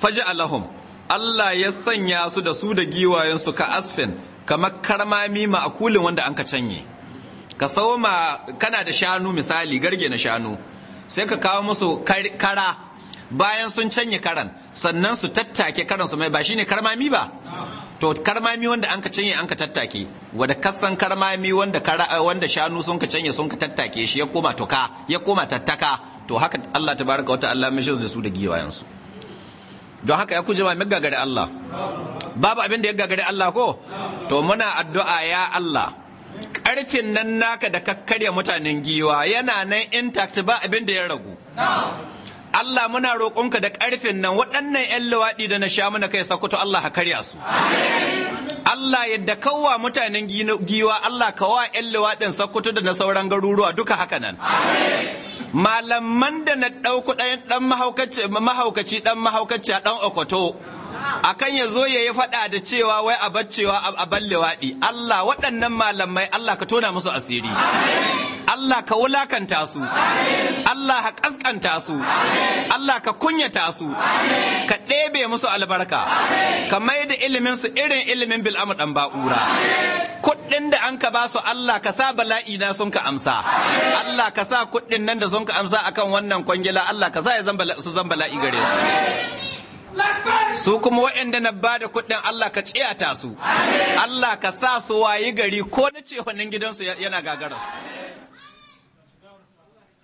faji alahum Allah ya sanya su da su da giwayen su ka asfin kamar karmami ma akulin wanda an ka canye ka kana da shanu misali garge na shanu sai ka kawo musu kara bayan sun canye karan sannan su tattake karan su mai ba shine karmami ba to karmami wanda an ka canye an ka tattake wanda kasan karmami wanda wanda shanu sun ka canye sun ka tattake shi ya koma toka ya koma tattaka to haka Allah tabaraka wata Allah mishi da su da giwayen su don haka ya kuje ba mai gagare Allah babu abin da ya gagare Allah ko to muna addu'a ya Allah karfin nan naka da kakkarya mutanen giwa yana nan intact ba abin da ya ragu Allah muna roƙonka da ƙarfin nan waɗannan 'yan luwaɗi da na sha mana kai sakuto Allah ka karya su. Allah yadda kawwa mutanen giwa Allah kawa 'yan luwaɗin sakuto da na sauran garuruwa duka haka nan. Malaman da na ɗauku ɗayan ɗan mahaukaci ɗan mahaukaci ɗan mahaukaci ɗan okoto. akan ya zo ya yi faɗa da cewa wai a baccewa a balle waɗi Allah waɗannan malamai Allah ka tona musu asiri Allah ka wulakanta su Allah ka ƙasƙanta su Allah ka kunyata su ka ɗebe musu albarka ka mai da ilimin su irin ilimin bil'amu ɗan ba'ura kuɗin da an ka ba su Allah ka sa bala'i na sun ka amsa Allah ka sa kuɗin nan da sun ka amsa akan wannan kwangila Allah ka sa ya zan bala'i gare su su kuma waɗanda na ba da kuɗin Allah ka tsiyata su Allah ka sa su wayi gari ko na ce wannan gidansu yana gagara su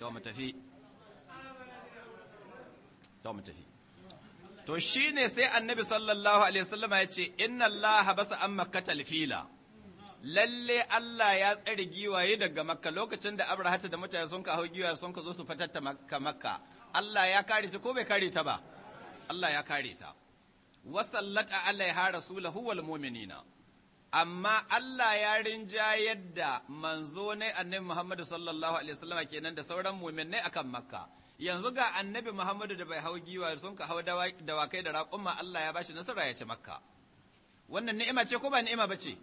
to mu tafi to sai annabi sallallahu alaihi wasallam ya ce inna Allah basa an makkata fila lalle Allah ya tsare giwaye daga makka lokacin da abrahata da mutane sun kawo giwaye sun ka zo su fatatta makka makka Allah ya kare ta ko bai kare ta ba Allah ya kare ta Allah ya ya rasulahu wal mu'minina amma Allah ya rinjayar da manzo ne annabi Muhammadu sallallahu alaihi wasallam kenan da sauran mu'minai akan Makka yanzu ga annabi Muhammadu da bai hau giwa sun ka hau dawakai da raƙumma Allah ya bashi nasara ya ci Makka wannan ni'ima ce ko ba ni'ima ba ce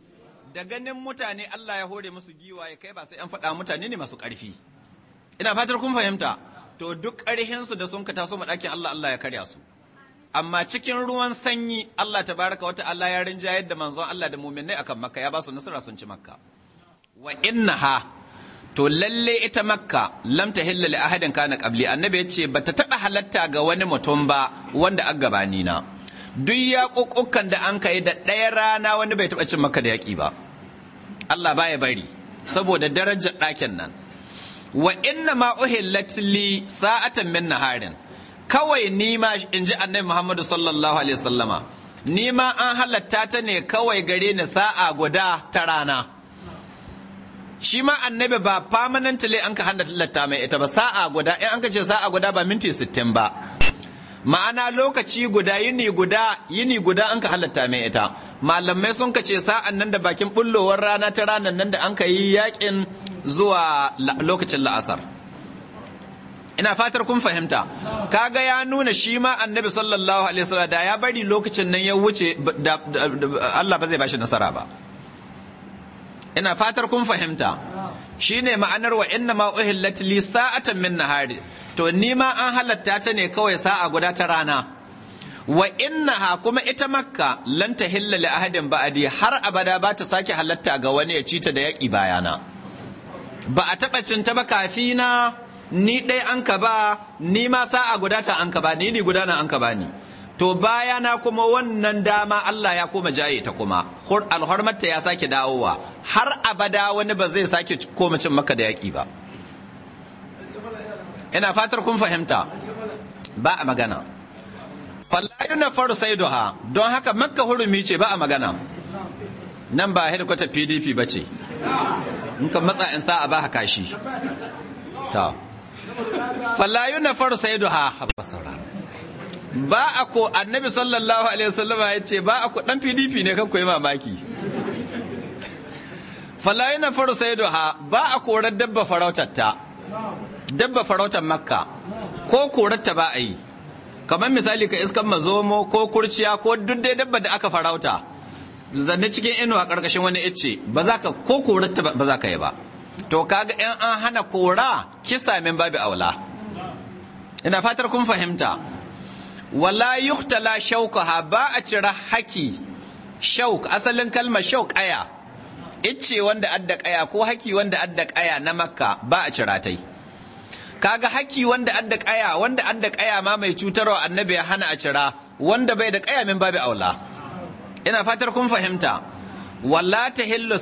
da ganin mutane Allah ya hore musu giwa ya kai ba sai an faɗa mutane ne masu ƙarfi ina fatar kun fahimta to duk su da sun ka taso madakin Allah Allah ya karya su amma cikin ruwan sanyi Allah Ta baraka wata Allah ya rinjayar da manzon Allah da muminai akan makka ya ba su nasara sun ci makka wa innaha to lalle ita makka lam hilla li ahadin kana qabli annabi ya ce bata taba halatta ga wani mutum ba wanda an gabani na duk yaƙuƙukan da an kai da ɗaya rana wani bai taba cin maka da yaki ba Allah baya bari saboda darajar ɗakin nan wa inna ma uhillat li sa'atan min naharin kawai nima in ji annabi muhammadu sallallahu alaihi wasallama nima an halatta ta ne kawai gare ni sa'a guda ta rana shi ma annabi ba permanently an ka halatta mai ita ba sa'a guda in an ka ce sa'a guda ba minti sittin ba ma'ana lokaci guda yini guda yini guda an ka halatta mai ita malamai sun ka ce sa'an nan da bakin bullowar rana ta ranar nan da an ka yi yakin zuwa lokacin la'asar ina fatar kun fahimta kaga ya nuna shi ma annabi sallallahu alaihi wasallam da ya bari lokacin nan ya wuce Allah ba zai bashi nasara ba ina fatar kun fahimta shine ma'anar wa inna ma uhillat li sa'atan min nahari to ni ma an halatta ta ne kawai sa'a guda ta rana wa ha kuma ita makka lan tahilla li ahadin ba'adi har abada ba ta sake halatta ga wani ya ci ta da yaki bayana ba a taɓa cinta ba kafina ni ɗai an ka ba ni ma sa'a guda ta an ka ba ni ni guda na an ka ba ni to baya na kuma wannan dama Allah ya koma jaye ta kuma ta ya sake dawowa har abada wani ba zai sake koma cin maka da yaƙi ba ina fatar kun fahimta ba a magana fallayu na faru sai doha don haka makka hurumi ce ba a magana nan ba hedikwatar pdp ba ce in ka matsa in sa'a ba haka shi ta falayu na faru sai duha basara ba a ko annabi sallallahu alaihi wasallam ya ce ba a ko dan pdp ne kan koyi mamaki falayu na faru sai duha ba a korar dabba farautar ta dabba farautar makka ko korar ta ba a yi kamar misali ka iskan mazomo ko kurciya ko duk dai dabba da aka farauta zanne cikin inuwa karkashin wani icce ba za ka ko korar ta ba za ka yi ba to kaga in an hana kora kisa min babu aula ina fatar kun fahimta wala yuhtala shaukaha ba a cira haki shauk asalin kalma shauk aya icce wanda adda kaya ko haki wanda adda kaya na makka ba a cira tai kaga haki wanda adda kaya wanda adda kaya ma mai cutarwa annabi ya hana a cira wanda bai da kaya min babu aula ina fatar kun fahimta walla ta hillu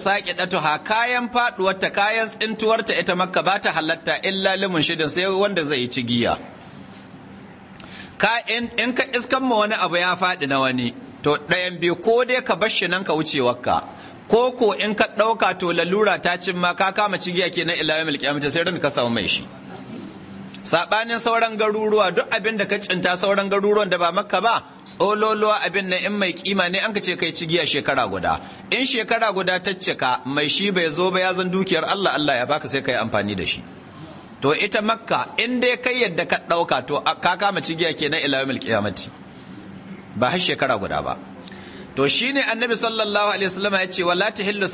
ha kayan faɗuwarta kayan tsintuwarta ita makka ba ta halatta illa limin shidin sai wanda zai ci giya ka in ka iskan ma wani abu ya faɗi na wani to ɗayan biyu ko dai ka bar shi nan ka wakka ko ko in ka ɗauka to lalura ta cimma, ma ka kama cigiya kenan ila yamil kiyamata sai ran ka samu mai shi Saɓanin sauran garuruwa duk abin da ka cinta sauran garuruwan da ba makka ba tsololuwa abin na in mai kima ne an ka ce kai cigiya shekara guda in shekara guda ta cika mai shi bai zo ba ya zan dukiyar Allah Allah ya baka sai kai amfani da shi to ita makka in dai kai yadda ka ɗauka to ka kama cigiya kenan ila yawmil qiyamati ba har shekara guda ba to shi ne annabi sallallahu alaihi wasallam ya ce wala tahillu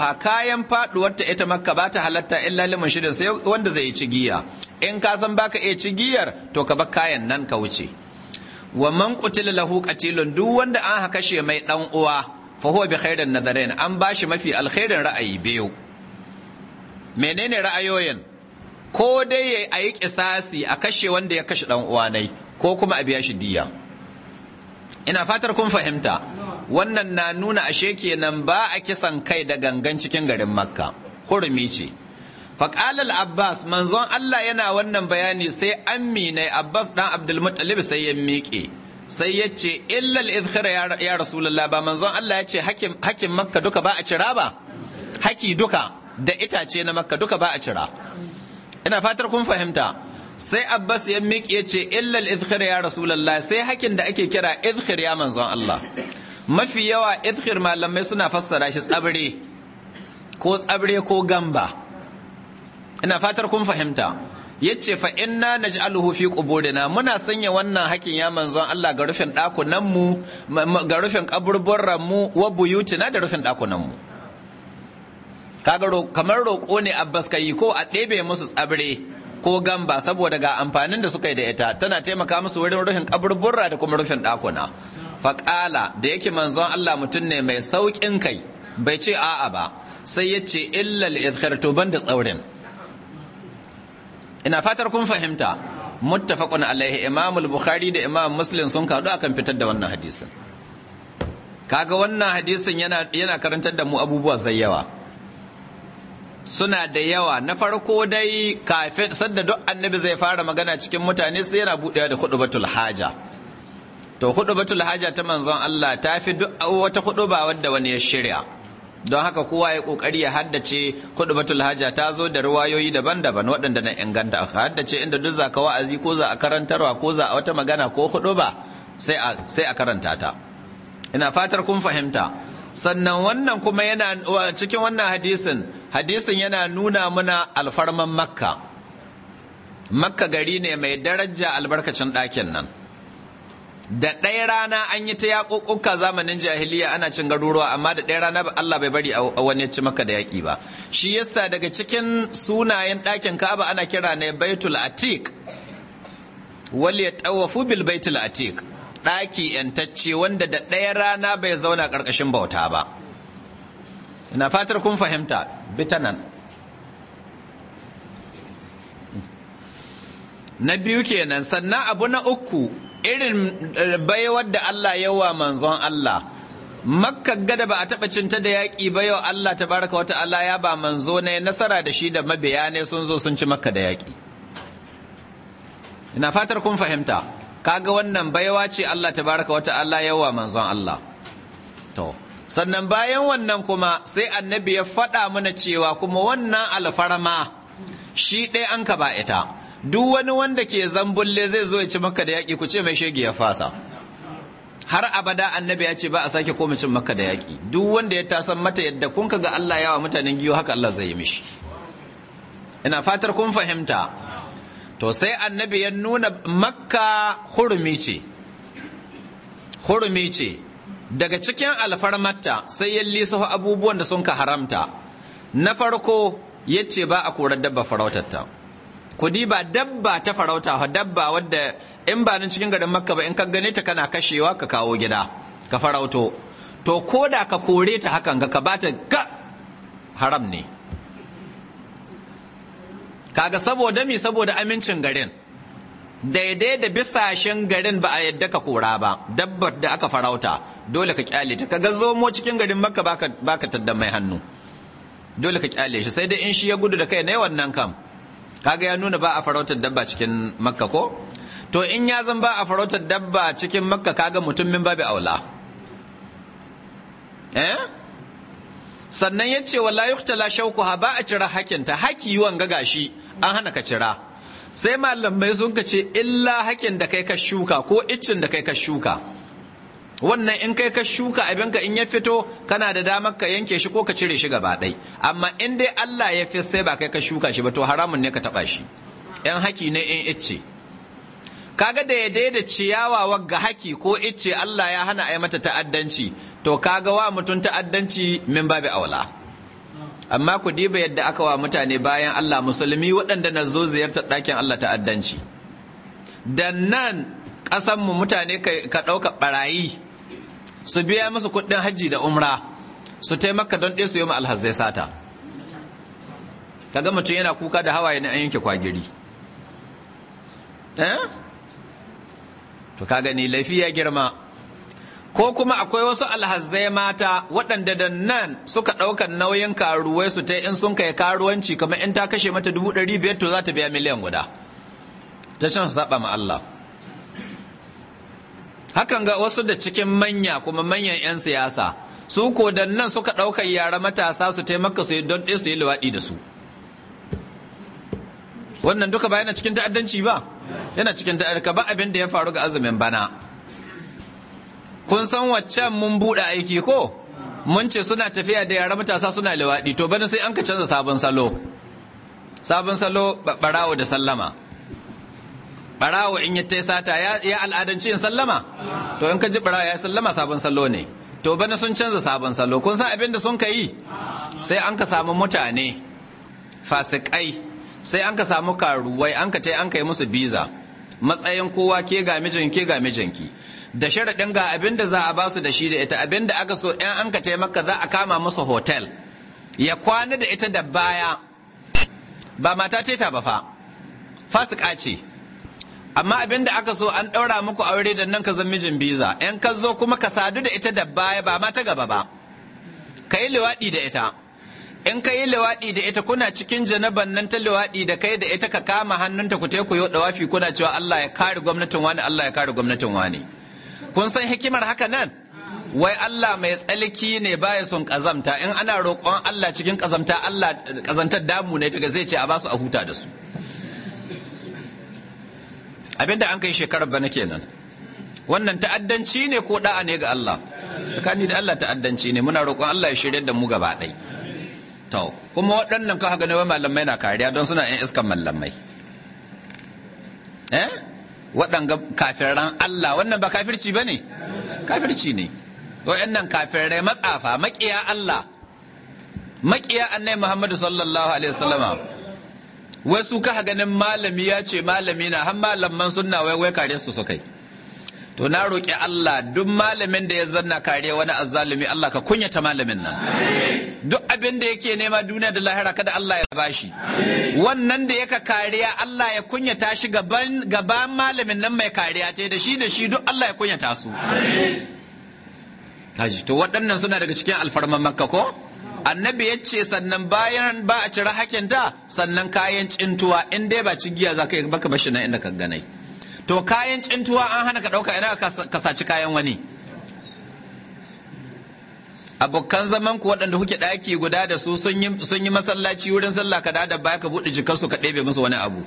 ha kayan faduwarta ita makka ba ta halatta illa liman shirin sai wanda zai ci giya in ka san baka iya ci giyar to ka bar kayan nan ka wuce wa man qutila lahu qatilun duk wanda an haka mai dan uwa fa huwa bi khairin an bashi mafi alkhairin ra'ayi biyu menene ra'ayoyin ko dai yayi yi kisasi a kashe wanda ya kashe dan nai ko kuma a biya shi diya ina fatar kun fahimta wannan na nuna ashe kenan ba a kisan kai da gangan cikin garin makka hurumi ce faƙalar abbas manzon allah yana wannan bayani sai amminai abbas dan abdulmuttalib sai ya miƙe sai ya ce illal izkhira ya rasulullah ba manzon allah ya ce hakin makka duka ba a cira ba haki duka da itace na makka duka ba a cira ina fatar kun fahimta sai abbas ya miƙe ya ce illal izkhir ya rasulullah sai hakin da ake kira izkhir ya manzon Allah mafi yawa idkhir malamai suna fassara shi tsabire ko tsabire ko gamba ina fatar kun fahimta yace fa inna naj'aluhu fi quburina muna sanya wannan hakin ya manzon Allah ga rufin dakunan mu ga rufin kaburburran mu wa buyutina da rufin dakunan mu kaga kamar roko ne Abbas kai ko a ɗebe musu tsabre ko gamba saboda ga amfanin da suka yi da ita tana taimaka musu wurin rufin kaburburra da kuma rufin ɗakuna faƙala da yake manzon Allah mutum ne mai sauƙin kai bai ce a'a ba sai ya ce illal idhkar to da tsaurin ina fatar kun fahimta muttafaqun alaihi imam al-bukhari da imam muslim sun kaɗu akan fitar da wannan hadisin kaga wannan hadisin yana yana karantar da mu abubuwa sai yawa suna da yawa na farko dai kafin sadda duk annabi zai fara magana cikin mutane sai yana buɗewa da khutbatul haja to hudubatul haja ta manzon Allah ta fi wata ba wadda wani ya shirya don haka kowa ya kokari ya haddace hudubatul haja ta zo da ruwayoyi daban-daban waɗanda na inganta a haddace inda duk za ka wa'azi ko za a karantarwa ko za a wata magana ko hudu ba, sai a karanta ta ina fatar kun fahimta sannan wannan kuma yana cikin wannan hadisin hadisin yana nuna muna alfarman makka makka gari ne mai daraja albarkacin ɗakin nan da ɗaya rana an yi ta yaƙuƙuka zamanin jahiliya ana cin garuruwa amma da ɗaya rana Allah bai bari a wani ci maka da yaƙi ba shi yasa daga cikin sunayen ɗakin kaba ana kira ne Baitul wali ya tawafu bil Baitul atik. ɗaki yantacce wanda da ɗaya rana bai zauna ƙarƙashin bauta ba ina fatar kun fahimta bitanan na biyu kenan sannan abu na uku irin eh, baiwar da Allah yawa manzon Allah makka gada ba a taɓa cinta da yaƙi ba yau Allah ta baraka wata Allah ya ba manzo ne nasara da shi da mabiya ne sun zo sun ci makka da yaƙi ina fatar kun fahimta kaga wannan baiwa ce Allah ta baraka wata Allah yawa manzon Allah to sannan bayan wannan kuma sai annabi ya faɗa mana cewa kuma wannan alfarma shi ɗaya an ka ba ita duk wani wanda ke zambulle zai zo ya ci maka da yaƙi ku ce mai shege ya fasa har abada annabi ya ce ba a sake koma cin maka da yaƙi duk wanda ya tasan mata yadda kun ga Allah yawa mutanen giyo haka Allah zai yi mishi ina fatar kun fahimta to sai annabi ya nuna makka hurumi ce hurumi ce daga cikin alfarmarta sai ya lisa abubuwan da sun ka haramta na farko ya ce ba a korar dabba farautarta kudi ba dabba ta farauta ba dabba wadda in ba nan cikin garin makka ba in ka gane ta kana kashewa ka kawo gida ka farauto to ko da ka kore ta hakan ga ka bata ga haram ne kaga saboda mi saboda amincin garin daidai da bisashen garin ba a yadda ka kora ba dabba da aka farauta dole ka kyale ta kaga zomo cikin garin makka baka baka tadda mai hannu dole ka kyale shi sai dai in shi ya gudu da kai ne wannan kam kaga ya nuna ba a farautar dabba cikin makka ko to in ya zan ba a farautar dabba cikin makka kaga mutum min babu aula eh sannan ya ce wala shauku shaukuha ba a cira hakinta haki yuwan ga gashi an hana ka cira sai malamai sun ka ce illa hakin da kai ka shuka ko iccin da kai ka shuka wannan in kai ka shuka abinka in ya fito kana da damar ka yanke shi ko ka cire shi gaba ɗai amma in dai Allah ya fi sai ba kai ka shuka shi ba to haramun ne ka taɓa shi yan haki ne in icce kaga da ya daida ciyawa wagga haki ko icce Allah ya hana a mata ta'addanci to kaga wa mutum ta'addanci min babu aula amma ku diba yadda aka wa mutane bayan Allah musulmi waɗanda na zo ziyartar ɗakin Allah ta'addanci da nan ƙasanmu mutane ka ɗauka ɓarayi su biya musu kuɗin hajji da umra su taimaka don ɗaya su yi alhazai sata kaga mutum yana kuka da hawaye na an yanke kwagiri eh to ka gani laifi ya girma ko kuma akwai wasu alhazai mata waɗanda da nan suka ɗaukan nauyin karuwai su ta in sun kai karuwanci kamar in ta kashe mata dubu ɗari biyar to za ta biya miliyan guda ta can saba ma Allah hakan ga wasu da cikin manya kuma manyan 'yan siyasa su ko nan suka ɗaukar yara matasa su taimaka su don ɗin su yi luwaɗi da su wannan duka ba yana cikin ta'addanci ba yana cikin ta'addanci ba abin da ya faru ga azumin bana kun san waccan mun buɗe aiki ko mun ce suna tafiya da yara matasa suna luwaɗi to bana sai an ka canza sabon salo sabon salo barawo da sallama barawo in ya yi sata ya al'adanci in sallama to in ka ji barawo ya sallama sabon sallo ne to bana sun canza sabon sallo kun san abin da sun ka yi sai an ka samu mutane fasikai sai an ka samu karuwai an ka tai an ka yi musu biza matsayin kowa ke ga mijin ke ga mijinki da sharaɗin ga abin da za a ba su da shi da ita abin da aka so yan an ka tai maka za a kama musu hotel ya kwana da ita da baya ba mata ta ba fa fasika ce amma abin da aka so an ɗaura muku aure da nan ka zan mijin biza ‘yan ka zo kuma ka sadu da ita da baya ba ma ta gaba ba ka yi lewaɗi da ita in ka yi lewaɗi da ita kuna cikin janaban nan ta liwaɗi da kai da ita ka kama hannunta ku teku yau wafi kuna cewa Allah ya kare gwamnatin wani Allah ya kare gwamnatin wani kun san hikimar haka nan wai Allah mai tsalki ne baya son kazamta in ana roƙon Allah cikin kazamta Allah kazantar damu ne ta zai ce a basu a huta da su abinda an kai shekarar bana kenan wannan ta'addanci ne ko da'a ne ga Allah tsakani da Allah ta'addanci ne muna roƙon Allah ya shirya da mu gaba ɗai to kuma waɗannan ka ga wai malamai na kariya don suna yan iskan malamai eh waɗanga kafiran Allah wannan ba kafirci bane kafirci ne waɗannan kafirai matsafa maƙiya Allah maƙiya annai Muhammadu sallallahu alaihi wasallama wasu ka ganin malami ya ce malami na har malaman sunna wai wai kare su su kai to na roƙi Allah duk malamin da ya zanna kare wani azzalumi Allah ka kunyata malamin nan duk abin da yake nema duniya da lahira kada Allah ya bashi wannan da yaka kariya Allah ya kunyata shi gaban gaban malamin nan mai kariya ta da shi da shi duk Allah ya kunyata su to waɗannan suna daga cikin alfarman makka ko annabi ya ce sannan bayan ba a cire hakinta sannan kayan cintuwa in dai ba giya za ka yi baka bashi na inda ka ganai to kayan cintuwa an hana ka ɗauka ina ka saci kayan wani abokan zaman ku waɗanda kuke ɗaki guda da su sun yi masallaci wurin sallah ka da baya ka buɗe su ka ɗebe musu wani abu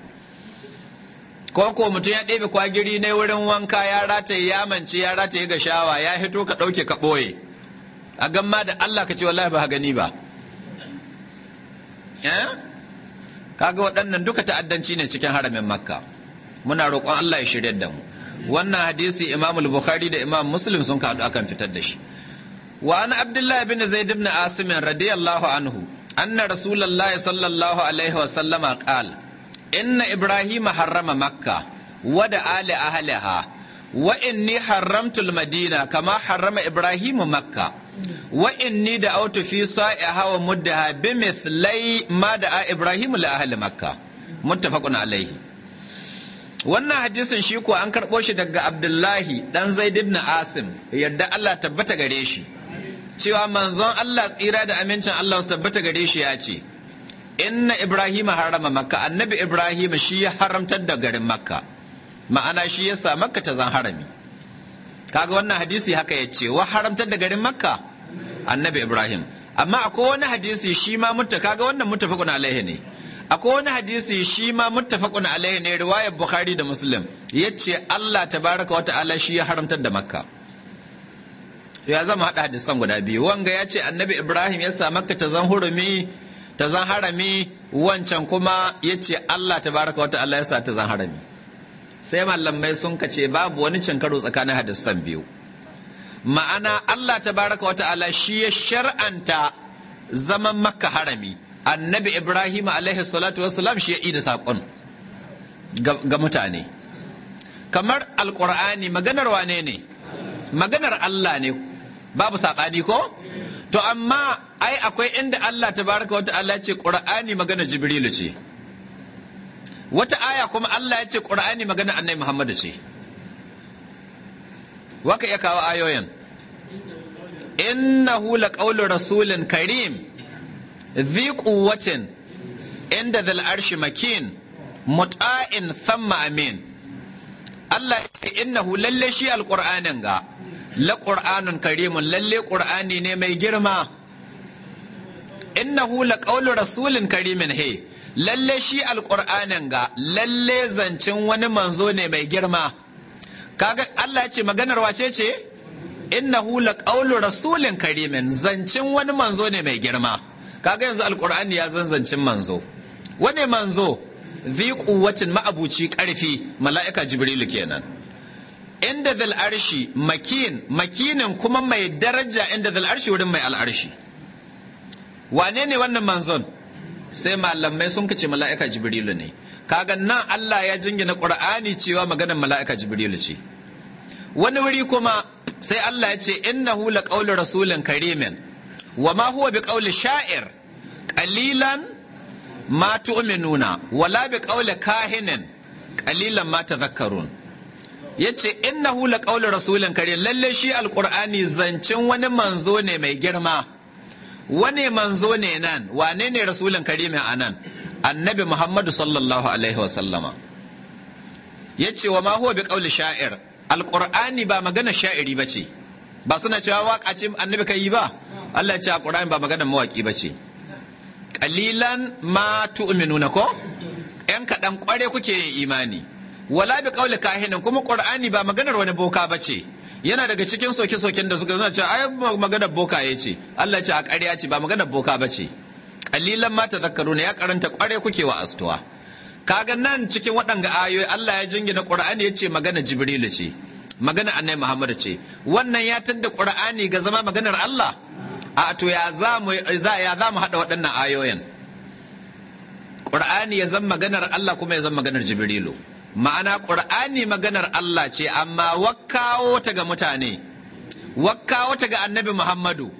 ko ko mutum ya ɗebe kwagiri ne wurin wanka ya rataye ya mance ya rataye ga shawa ya hito ka ɗauke ka ɓoye a gamma da Allah ka ce wallahi ba gani ba eh? kaga waɗannan duka ta'addanci ne cikin haramin makka muna roƙon Allah ya shirya da mu wannan hadisi imam bukhari da imam muslim sun kaɗu akan fitar da shi wa an abdullahi bin zaid ibn asim radiyallahu anhu anna rasulullahi sallallahu alaihi wa sallama qal inna Ibrahim harrama makka wa da ali ahliha wa inni haramtu madina kama harrama ibrahimu makka wainni da autu fi sa'i hawa muddaha bi mithlai ma da ibrahim la ahli makka muttafaqun alaihi wannan hadisin shi ko an karɓo shi daga abdullahi dan zaid ibn asim yadda Allah tabbata gare shi cewa manzon Allah tsira da amincin Allah su tabbata gare shi ya ce inna ibrahim harama makka annabi ibrahim shi ya haramtar da garin makka ma'ana shi ya sa makka ta zan harami kaga wannan hadisi haka ya ce wa haramtar da garin makka annabi ibrahim amma akwai wani hadisi shi ma mutta kaga wannan muttafaqun alaihi ne akwai wani hadisi shi ma muttafaqun alaihi ne riwayar bukhari da muslim yace allah tabaraka wata'ala shi ya haramtar da makka ya zama hada hadisan guda biyu wanga ya ce annabi ibrahim ya sa makka ta zan hurumi ta zan harami wancan kuma ya ce allah tabaraka wata'ala ya sa ta zan harami sai malamai sun kace babu wani cin karo tsakanin hadisan biyu ma'ana Allah tabaraka wa ta'ala shi ya shar'anta zaman makka harami annabi ibrahim alaihi salatu wasalam shi ya da sakon ga mutane kamar alqur'ani maganar wane ne maganar Allah ne babu sakani ko to amma ai akwai inda Allah tabaraka wa ta'ala ce ƙur'ani maganar jibrilu ce wata aya kuma Allah ya ce ƙura'ani magana annai Muhammad ce waka iya kawo ayoyin innahu la ƙaunar rasulin karim zi quwwatin inda zal arshi makin muta'in thamma amin Allah ya ce innahu lalle shi alqur'anin ga la qur'anun karimun lalle qur'ani ne mai girma innahu laqawlu rasulin karimin he lalle shi alqur'anin ga lalle zancin wani manzo ne mai girma kaga Allah ya ce maganar wace ce innahu laqawlu rasulin karimin zancin wani manzo ne mai girma kaga yanzu alqur'ani ya zancin manzo Wani manzo zai kuwacin ma'abuci karfi mala'ika jibrilu kenan inda zal arshi makin makinin kuma mai daraja inda zal arshi wurin mai al'arshi wane ne wannan manzon sai malamai sun kace mala'ika jibrilu ne kaga nan Allah ya jingina qur'ani cewa maganar mala'ika jibrilu ce wani wuri kuma sai Allah ya ce innahu laqawlu rasulin karimin wa ma huwa biqawli sha'ir qalilan ma tu'minuna la biqawli kahinin qalilan ma tadhakkarun yace innahu laqawlu rasulin karim lalle shi alqur'ani zancin wani manzo ne mai girma wane manzo ne nan wane ne rasulun karimin a nan annabi muhammadu sallallahu alaihi wasallama ya ce wa ma huwa bi ƙauli sha'ir alƙur'ani ba magana sha'iri ba ce ba suna cewa waƙa ce annabi ka yi ba allah ce alƙur'ani ba magana mawaƙi ba ce ƙalilan ma na ko ‘yan kaɗan ƙware kuke yin imani wala bi ƙauli kahinin kuma ƙur'ani ba maganar wani boka ba ce yana daga cikin soke-soken da suka zana cewa ai maganar boka ya ce Allah ce a ƙarya ce ba magana boka ba ce kalilan ma tazakkaruna ya karanta kware kuke wa astuwa kaga nan cikin waɗanga ayoyi Allah ya jingina Qur'ani ya ce magana Jibrilu ce magana Annabi Muhammad ce wannan ya tadda Qur'ani ga zama maganar Allah a to ya za mu ya za mu hada waɗannan ayoyin Qur'ani ya zama maganar Allah kuma ya zama maganar Jibrilu ma'ana ƙur'ani maganar Allah ce amma wakkawo ta ga mutane wakkawo ta ga annabi Muhammadu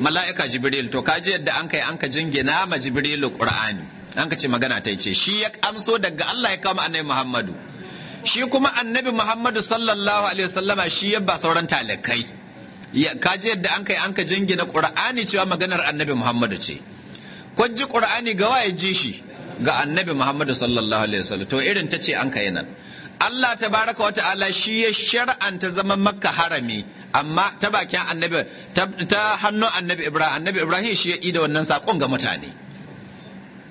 mala'ika Jibril to kaji yadda an kai an ka jingina ma Jibrilu ƙur'ani an ka ce magana ta ce shi ya amso daga Allah ya kama annabi Muhammadu shi kuma annabi Muhammadu sallallahu alaihi wasallama shi ya ba sauran talakai kaji yadda an kai an ka jingina ƙur'ani cewa maganar annabi Muhammadu ce kun ƙur'ani ga waye ji shi ga annabi Muhammadu sallallahu alaihi wasallam to irin ta ce an kai nan Allah ta baraka wa ta'ala shi ya shar'anta zaman makka harami amma ta bakin annabi ta hannu annabi ibrahim annabi ibrahim shi ya ida wannan sakon ga mutane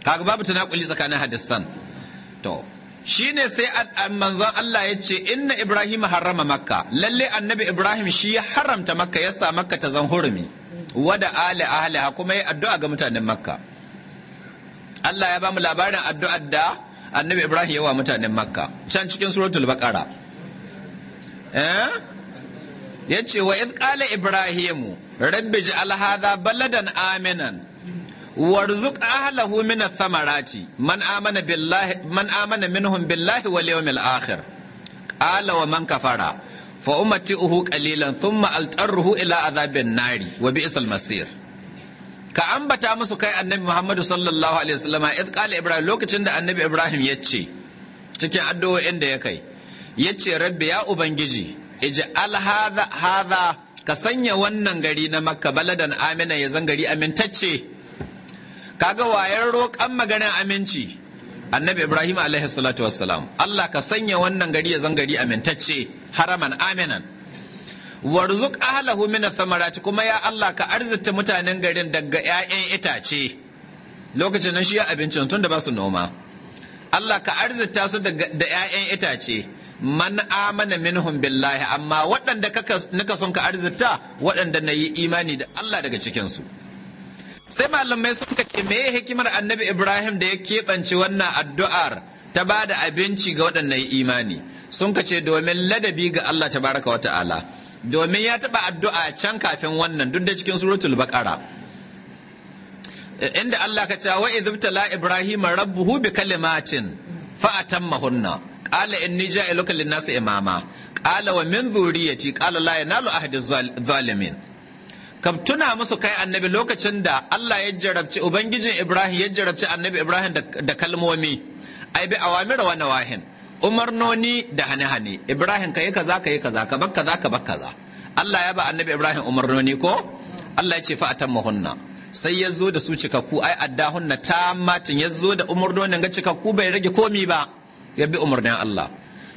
kaga babu tanakuli tsakanin hadisan to shi ne sai manzon Allah ya ce inna ibrahim harrama makka lalle annabi ibrahim shi ya haramta makka ya sa makka ta zan hurumi wada ali ahliha kuma ya addu'a ga mutanen makka Allah ya ba mu labarin addu'ar da annabi Ibrahim yawa mutanen Makka can cikin suratul Baqara eh yace wa idh qala Ibrahimu rabbi ij'al hadha baladan aminan warzuq ahlahu min ath-thamarati man amana billahi man amana minhum billahi wal yawmil akhir qala wa man kafara fa umati'uhu qalilan thumma altarruhu ila adhabin nari wa bi'sal masir ka ambata musu kai annabi Muhammadu sallallahu alaihi wasallama id qala ibrahim lokacin da annabi ibrahim ya ce cikin addu'o'in da ya kai ya ce rabbi ya ubangiji iji hadha hadha ka sanya wannan gari na makka baladan amina ya zan gari amintacce kaga wayar roƙan maganin aminci annabi ibrahim alaihi salatu wassalam allah ka sanya wannan gari ya zan gari amintacce haraman aminan warzuk ahlahu min thamarati kuma ya Allah ka arzuta mutanen garin daga 'ya'yan itace lokacin nan shi ya abincin tun da ba su noma Allah ka arzuta su da 'ya'yan itace man amana minhum billahi amma waɗanda nika son ka arzuta waɗanda na yi imani da Allah daga cikinsu sai malamai sun ka ce me hikimar annabi ibrahim da ya keɓance wannan addu'ar ta ba da abinci ga waɗanda yi imani sun ka ce domin ladabi ga Allah tabaraka wa ta'ala domin ya taɓa addu'a can kafin wannan duk da cikin suratul baqara inda Allah ka cewa idh Ibrahim ibrahima rabbuhu bi kalimatin fa atammahunna qala inni ja'iluka lin nasu imama qala wa min dhurriyyati qala la yanalu ahdi zalimin kam tuna musu kai annabi lokacin da Allah ya jarabci ubangijin Ibrahim ya jarabci annabi Ibrahim da kalmomi ai bi awamira wa nawahin umarnoni da hane-hane ibrahim ka yi kaza ka yi kaza ka bakka za ka bakka za allah ya ba annabi ibrahim umarnoni ko allah ya ce fa hunna. hunna sai ya zo da su cikakku ai hunna adda ta matin ya zo da umarnonin ga cikakku bai rage komi ba ya bi umarnin allah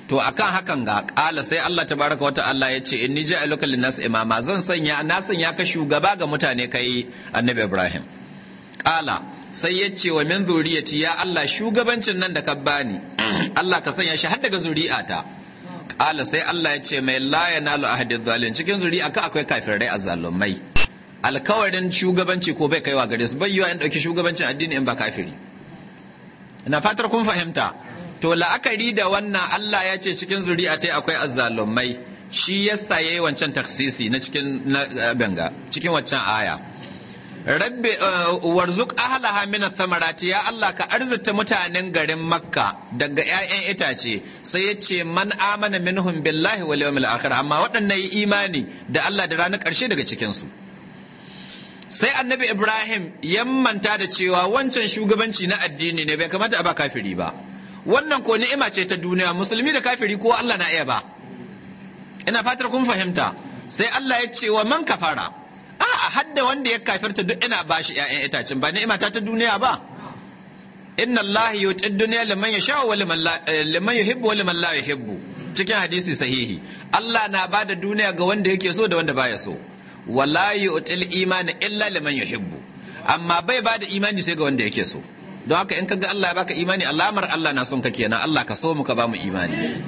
to akan hakan ga kala sai allah ta baraka wata allah ya ce in ni inni lokacin linnas imama zan sanya na sanya ka shugaba ga mutane kai annabi ibrahim kala sai ya ce wa min zuriyati ya Allah shugabancin nan da ka bani Allah ka sanya shi har daga zuri'ata Kala sai Allah ya ce mai la nalu ahadiz zalim cikin zuri'a ka akwai kafirai azzalumai alkawarin shugabanci ko bai kaiwa gare su bai yiwa in dauki shugabancin addini in ba kafiri ina fatar kun fahimta to la'akari da wannan Allah ya ce cikin zuri'a ta akwai azzalumai shi yasa yayi wancan taksisi na cikin na banga cikin waccan aya rabbi uh, warzuk ahlaha min samarati ya Allah ka arzuta mutanen garin makka daga 'ya'yan itace sai ya ce man amana minhum billahi wal yawmil akhir amma waɗannan yi imani da Allah da ranar ƙarshe daga cikin su sai annabi ibrahim yammanta da cewa wancan shugabanci na addini ne bai kamata a ba kafiri ba wannan ko ni'ima ce ta duniya musulmi da kafiri ko Allah na iya ba ina fatar kun fahimta sai Allah ya ce wa man kafara a'a hadda wanda ya kafirta duk ina bashi ƴaƴan itacen ba ni'ima ta ta duniya ba inna allahi yuti dunya liman yasha wa liman eh, liman yuhibbu wa liman la yuhibbu cikin hadisi sahihi Allah na bada duniya ga wanda yake so da wanda baya so wala yu'til imani illa liman yuhibbu amma bai bada imani sai ga wanda yake so don haka in kaga Allah ya baka imani alamar Allah na son ka kenan Allah ka so mu ka ba mu imani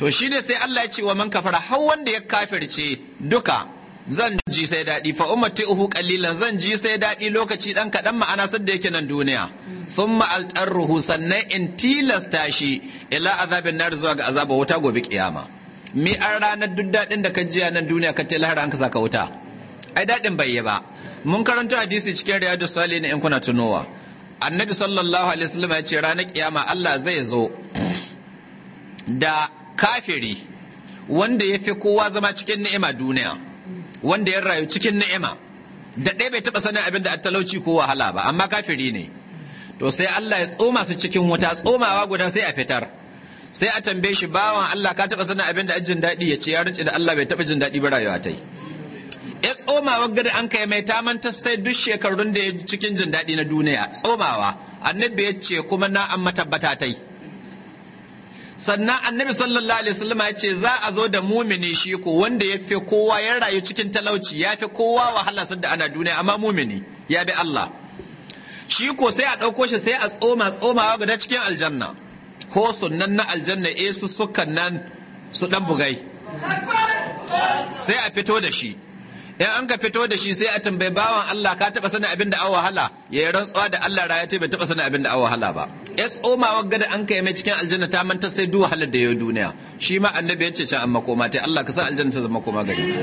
to shine sai Allah ya ce wa man kafara har wanda ya kafirce duka zan ji sai daɗi fa ummati uhu qalilan zan ji sai daɗi lokaci dan kaɗan ma'ana sadda yake nan duniya thumma altarruhu sannan in tilasta shi ila azabin nar zuwa ga azaba wuta gobe kiyama mi an ranar duk daɗin da ka jiya nan duniya ka ta lahara an ka saka wuta ai daɗin bai yi ba mun karanta hadisi cikin riyadu salihin in kuna tunowa annabi sallallahu alaihi wasallam ya ce ranar kiyama Allah zai zo da kafiri wanda ya fi kowa zama cikin ni'ima duniya wanda ya rayu cikin ni'ima da ɗaya bai taɓa sanin abin da a talauci ko wahala ba amma kafiri ne to sai Allah ya tsoma su cikin wuta tsomawa guda sai a fitar sai a tambaye shi bawan Allah ka taɓa sanin abin da jin daɗi ya ce ya rinci da Allah bai taɓa jin daɗi ba rayuwa ta yi ya tsomawa gada an kai mai ta manta sai duk shekarun da ya cikin jin daɗi na duniya tsomawa annabi ya ce kuma na an matabbata sannan annabi sallallahu alaihi wasallam ya ce za a zo da mumini shi ko wanda ya fi kowa ya rayu cikin talauci ya fi kowa wahala sadda ana duniya amma mumini ya bi Allah shi ko sai a ɗauko shi sai a tsoma tsomawa guda cikin aljanna ko sunan na aljanna eh su sukan nan su dan bugai sai a fito da shi in an ka fito da shi sai a tambayi bawan Allah ka taba sanin abin da an wahala ya yi rantsuwa da Allah raya ta bai taba sanin abin da an wahala ba ya tsoma wagga da an kai mai cikin aljanna ta manta sai duk wahalar da ya yi duniya shi ma annabi ya ce can an makoma ta Allah ka sa aljanna ta zama koma gari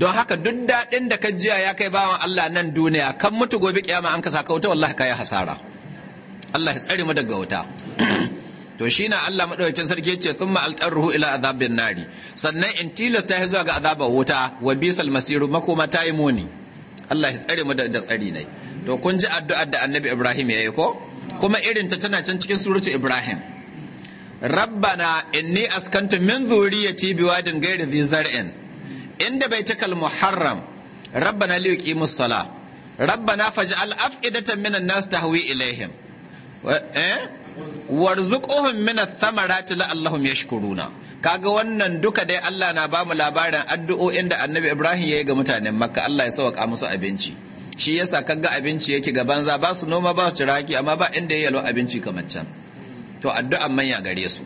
don haka duk daɗin da ka jiya ya kai bawan Allah nan duniya kan mutu gobe kiyama an ka saka wuta wallahi ka yi hasara Allah ya tsare mu daga wuta to shi na Allah maɗaukin sarki ce sun thumma ruhu ila azabin nari sannan in tilasta ya zuwa ga azabar wuta wa bisal masiru makoma ta yi muni Allah ya tsare mu da tsari ne to kun ji addu'ar da Annabi Ibrahim ya yi ko kuma irin ta tana can cikin suratu Ibrahim rabbana inni askantu min zuriyati biwadin ghairi dhi zar'in inda bai muharram rabbana li yuqimus sala rabbana faj'al af'idatan minan nas tahwi ilaihim eh warzuquhum min ath-thamarati la'allahum yashkuruna kaga wannan duka dai Allah na bamu labarin addu'o'in da Annabi Ibrahim yayi ga mutanen Makka Allah ya sauka musu abinci shi yasa kaga abinci yake ga banza ba su noma ba su ciraki amma ba inda yayi abinci kamar can to addu'an manya gare su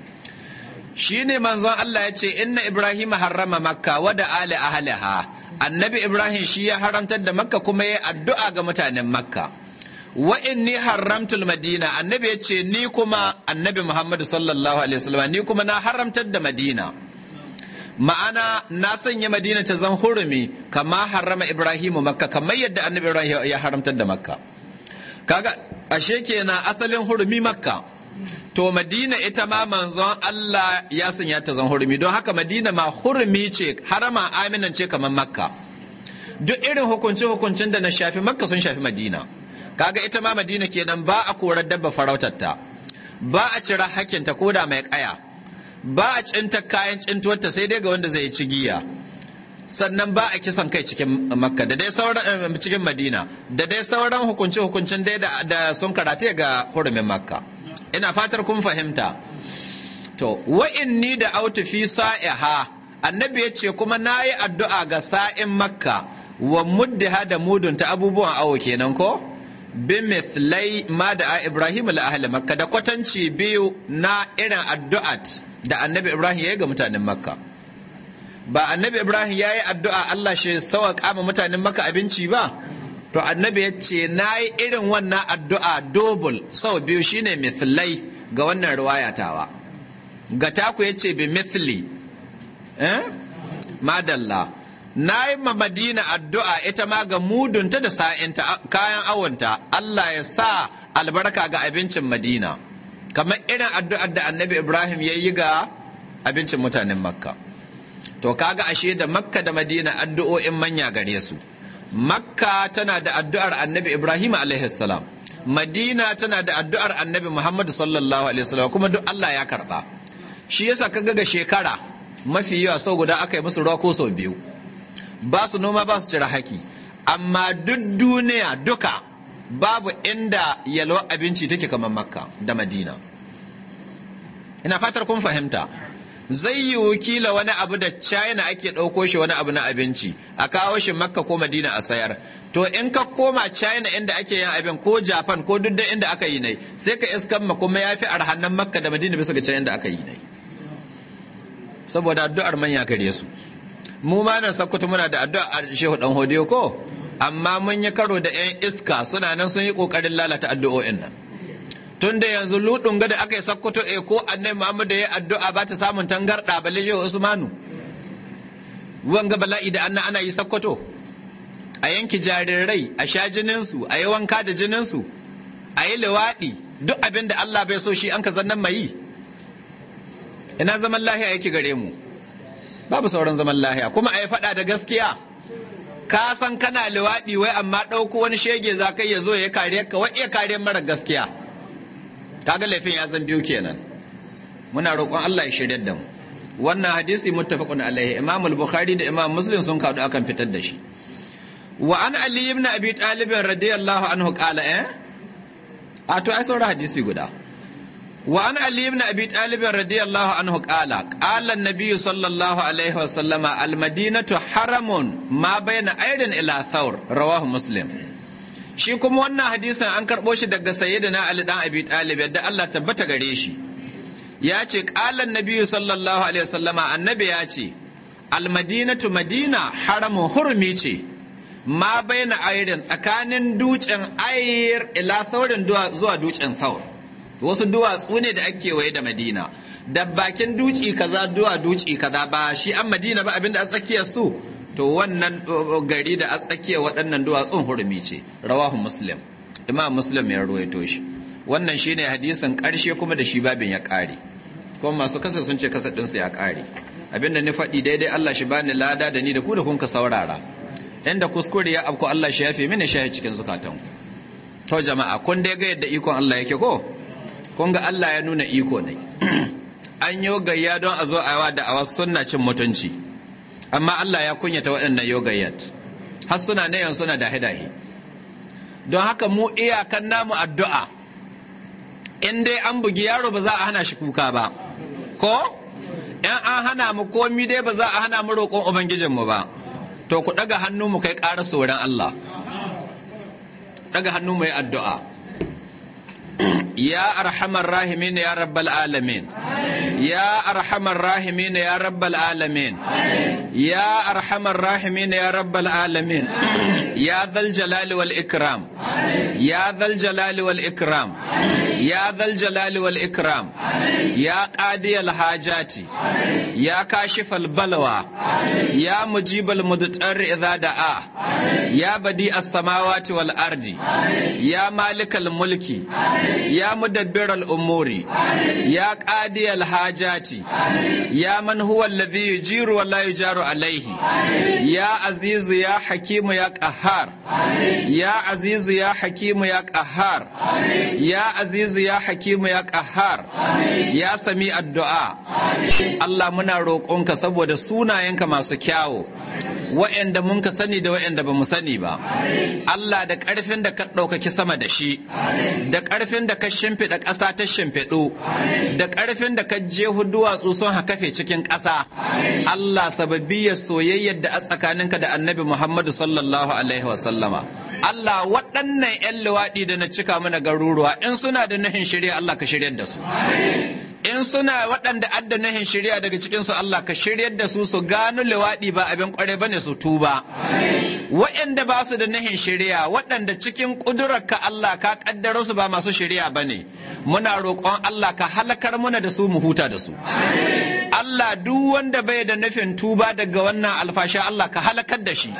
shine manzon Allah ya ce inna Ibrahim harrama Makka wa da ali ahliha Annabi Ibrahim shi ya haramtar da Makka kuma yayi addu'a ga mutanen Makka wa ni haramtul madina annabi yace ni kuma annabi muhammadu sallallahu alaihi wasallam ni kuma na haramtar da madina ma'ana na sanya madina ta zan hurumi kama harama ibrahimu makka kamar yadda annabi ibrahim ya haramtar da makka kaga ashe kenan asalin hurumi makka to madina ita ma manzon allah ya sanya ta zan hurumi don haka madina ma hurumi ce harama aminan ce kamar makka duk irin hukunce hukuncin da na shafi makka sun shafi madina kaga ita ma madina kenan ba a korar dabba farautarta ba a cira hakinta ko da mai kaya ba a cinta kayan cintuwarta sai dai ga wanda zai ci giya sannan ba a kisan kai cikin makka da dai sauran eh, cikin madina da dai sauran hukunci hukuncin dai da sun karate ga hurumin makka ina fatar kun fahimta to wa'inni da autu fi sa'iha annabi ya ce kuma na yi addu'a ga sa'in makka wa muddiha da mudunta abubuwan awo kenan ko bimithlai ma da Ibrahim ahli Makka da kwatanci biyu na irin addu'at da Annabi Ibrahim ya yi ga mutanen Makka ba Annabi Ibrahim ya yi addu'a Allah shi sauƙa ma mutanen Makka abinci ba to Annabi ya ce na yi irin wannan addu'a dobul sau biyu shine mithlai ga wannan ruwayatawa. tawa ga taku ya ce bi mithli eh madalla na yi ma madina addu'a ita ma ga mudunta da sa'inta kayan awanta Allah ya sa albarka ga abincin madina kamar irin addu'ar da annabi ibrahim ya yi ga abincin mutanen makka to kaga ashe da makka da madina addu'o'in manya gare su makka tana da addu'ar annabi ibrahim salam madina tana da addu'ar annabi muhammadu sallallahu kuma duk allah ya karɓa. shi yasa kaga ga shekara mafi yawa sau guda aka yi musu ruwa ko sau biyu ba su noma ba su cira haki amma duk duniya duka babu inda yalwar abinci take kamar makka da madina ina fatar kun fahimta zai yi kila wani abu da china ake ɗauko shi wani abu na abinci a kawo shi makka ko madina a sayar to in ka koma china inda ake yin abin ko japan ko duk da inda aka yi nai sai ka iskan ma kuma ya fi arhannan makka da madina bisa ga china da aka yi nai saboda addu'ar manya gare su mu ma nan sakkwato muna da addu'a shehu dan hodiyo ko amma mun yi karo da 'yan iska suna nan sun yi kokarin lalata addu'o'in nan tun da yanzu ludun gada aka yi sakkwato e eh, ko annai muhammadu ya yi addu'a ba ta samun tangar balle shehu usmanu wanga bala'i da anna ana yi sakkwato a yanki jarirai a sha jininsu a yi wanka da jininsu a yi liwaɗi duk abin da allah bai so shi an ka zannan mai ina zaman lahiya yake gare mu babu sauran zaman lahiya kuma a yi faɗa da gaskiya ka san kana liwaɗi wai amma ɗauko wani shege za kai ya zo ya kare ka wai iya kare mara gaskiya kaga laifin ya zan biyu kenan muna roƙon Allah ya shirya da mu wannan hadisi muttafaqun alaihi imam al-bukhari da imam muslim sun kaɗu akan fitar da shi wa an ali ibn abi talib radiyallahu anhu qala eh a to ai saura hadisi guda وعن علي بن ابي طالب رضي الله عنه قال قال النبي صلى الله عليه وسلم المدينه حرم ما بين ايدن الى ثور رواه مسلم shi kuma wannan hadisin an karɓo shi daga sayyidina Ali dan Abi Talib yadda Allah tabbata gare shi ya ce ƙalan nabiyu sallallahu alaihi wasallama annabi ya ce al-madinatu madina haramun hurumi ce ma baina ayrin tsakanin dutsen ayir ila saurin zuwa dutsen saur wasu duwatsu ne da ake waye da madina da bakin duci kaza duwa duci kaza ba shi an madina ba abinda a tsakiyar su to wannan gari da a tsakiyar waɗannan duwatsun hurumi ce rawahu muslim imam muslim ya ruwaito shi wannan shine hadisin ƙarshe kuma da shi babin ya ƙare kuma masu kasa sun ce kasa ɗinsu ya ƙare abinda ni faɗi daidai Allah shi bani lada da ni da ku da kun ka saurara inda kuskure ya abku Allah shi ya fi mini shahi cikin zukatanku to jama'a kun dai ga yadda ikon Allah yake ko Kunga Allah ya nuna iko ne an yi gayya don a zo a yawa da awa sunna cin mutunci amma Allah ya kunyata waɗannan yogayyat har suna na yanzu suna dahe-dahe don haka mu iyakan namu addu'a in dai an bugi yaro ba za a hana shi kuka ba ko in an hana mu komi dai ba za a hana mu roƙon mu ba to ku ɗaga hannu mu kai ƙara tsoron Allah ɗaga hannu mu yi addu'a يا أرحم الراحمين يا رب العالمين آمين. ya arhamar rahimin ya rabbal alamin ya arhamar rahimin ya rabbal alamin ya dhal jalali wal ikram ya dhal jalali wal ikram ya dhal jalali wal ikram ya qadi hajati ya kashifal balwa ya mujibal al mudtar idha da'a ya badi as samawati wal ardi ya malikal mulki ya mudabbir al umuri ya qadi al hajati hajati ya man huwa alladhi yujiru wa la yujaru alaihi ya azizu ya hakimu ya qahhar ya azizu ya hakimu ya qahhar ya azizu ya hakimu ya qahhar ya sami addu'a Allah muna roƙonka saboda sunayenka masu kyawo wa'anda mun ka sani da wa'anda ba mu sani ba. Allah da ƙarfin da ka ɗaukaki sama da shi, da ƙarfin da ka shimfiɗa ƙasa ta shimfiɗo, da ƙarfin da ka huduwa duwatsu sun hakafe cikin ƙasa Allah sababbi ya soyayyar da a tsakaninka da annabi Muhammadu sallallahu alaihi wasallama Allah waɗannan 'yan luwaɗi da na cika mana garuruwa in suna da nahin shirya Allah ka shirya da su in suna waɗanda adda nahin shirya daga cikinsu Allah ka shiryar da su su gano liwaɗi ba abin ƙware ba ne su tuba waɗanda ba su da nahin shirya waɗanda cikin ƙudurarka Allah ka ƙaddaro su ba masu shirya ba ne muna roƙon Allah ka halakar muna da su mu huta da su Allah duk wanda bai da nufin tuba daga wannan alfashin Allah ka halakar da shi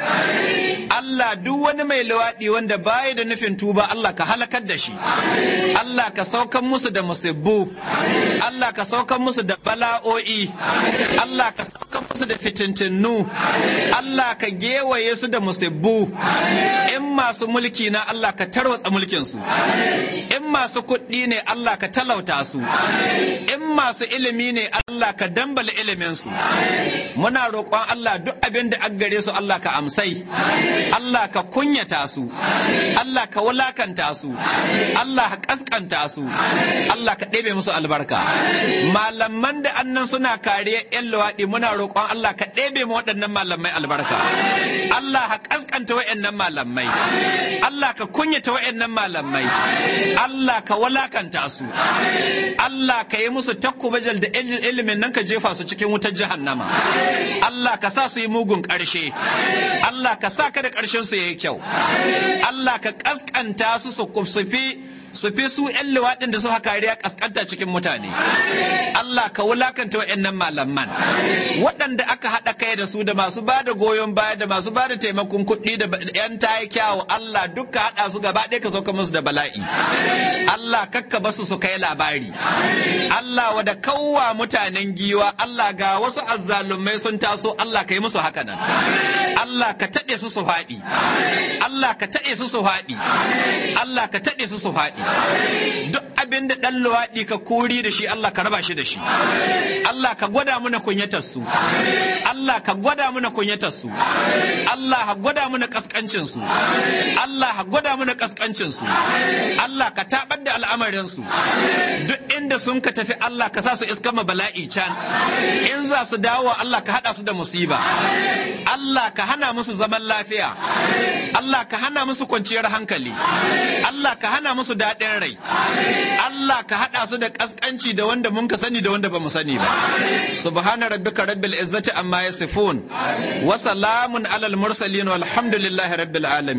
Allah duk wani mai luwaɗi wanda bai da nufin tuba Allah ka halakar da shi Allah ka saukan musu da musibbu Allah ka saukan musu da bala'o'i Allah ka saukan musu da fitintinu Allah ka gewaye su da musibbu in masu mulki na Allah ka tarwatsa mulkin su. in masu kuɗi ne Allah ka talauta su in masu ilimi ne Allah ka dambala iliminsu muna roƙon Allah duk abin da an gare su Allah ka amsai Allah ka kunyata su Allah ka wulakanta su Allah ka kaskanta su Allah ka ɗebe musu albarka malaman da annan suna kariya yan luwaɗi muna roƙon Allah ka ɗebe mu waɗannan malamai albarka Allah ka kaskanta waɗannan malamai Allah ka kunyata waɗannan malamai Allah ka wulakanta su Allah ka yi musu takkubajal da ilimin nan ka jefa su cikin wutar jahannama Allah ka sa su yi mugun ƙarshe Allah ka sa ka da ƙarshen su ya yi kyau Allah ka ƙasƙanta su su kufsufi su fi su 'yan luwaɗin da su haka kariya ƙasƙanta cikin mutane Allah ka wulakanta wa'annan malaman waɗanda aka haɗa kai da su da masu ba da goyon baya da masu ba da taimakon kuɗi da 'yan tayi kyawu Allah dukka haɗa su gaba ɗaya ka sauka musu da bala'i Allah kakka basu su kai labari Allah wada kawwa mutanen giwa Allah ga wasu azzalumai sun taso Allah ka yi musu haka nan Allah ka taɗe su su faɗi Allah ka taɗe su su faɗi Allah ka taɗe su su faɗi duk abin da ɗan luwaɗi ka kori da shi Allah ka raba shi da shi Allah ka gwada mana kunyatar su Allah ka gwada mana kunyatar su Allah ka gwada mana kaskancin su Allah ka gwada mana kaskancin su Allah ka taɓar da al'amarinsu. duk inda sun ka tafi Allah ka sa su iska ma bala'i can in za su dawo Allah ka haɗa su da musiba Allah ka hana musu zaman lafiya Allah ka hana musu kwanciyar hankali Allah ka hana musu da daɗin rai Allah ka haɗa su da ƙasƙanci da wanda mun ka sani da wanda ba mu sani ba subhana rabbika rabbil izzati amma yasifun wa salamun alal mursalin walhamdulillahi rabbil alamin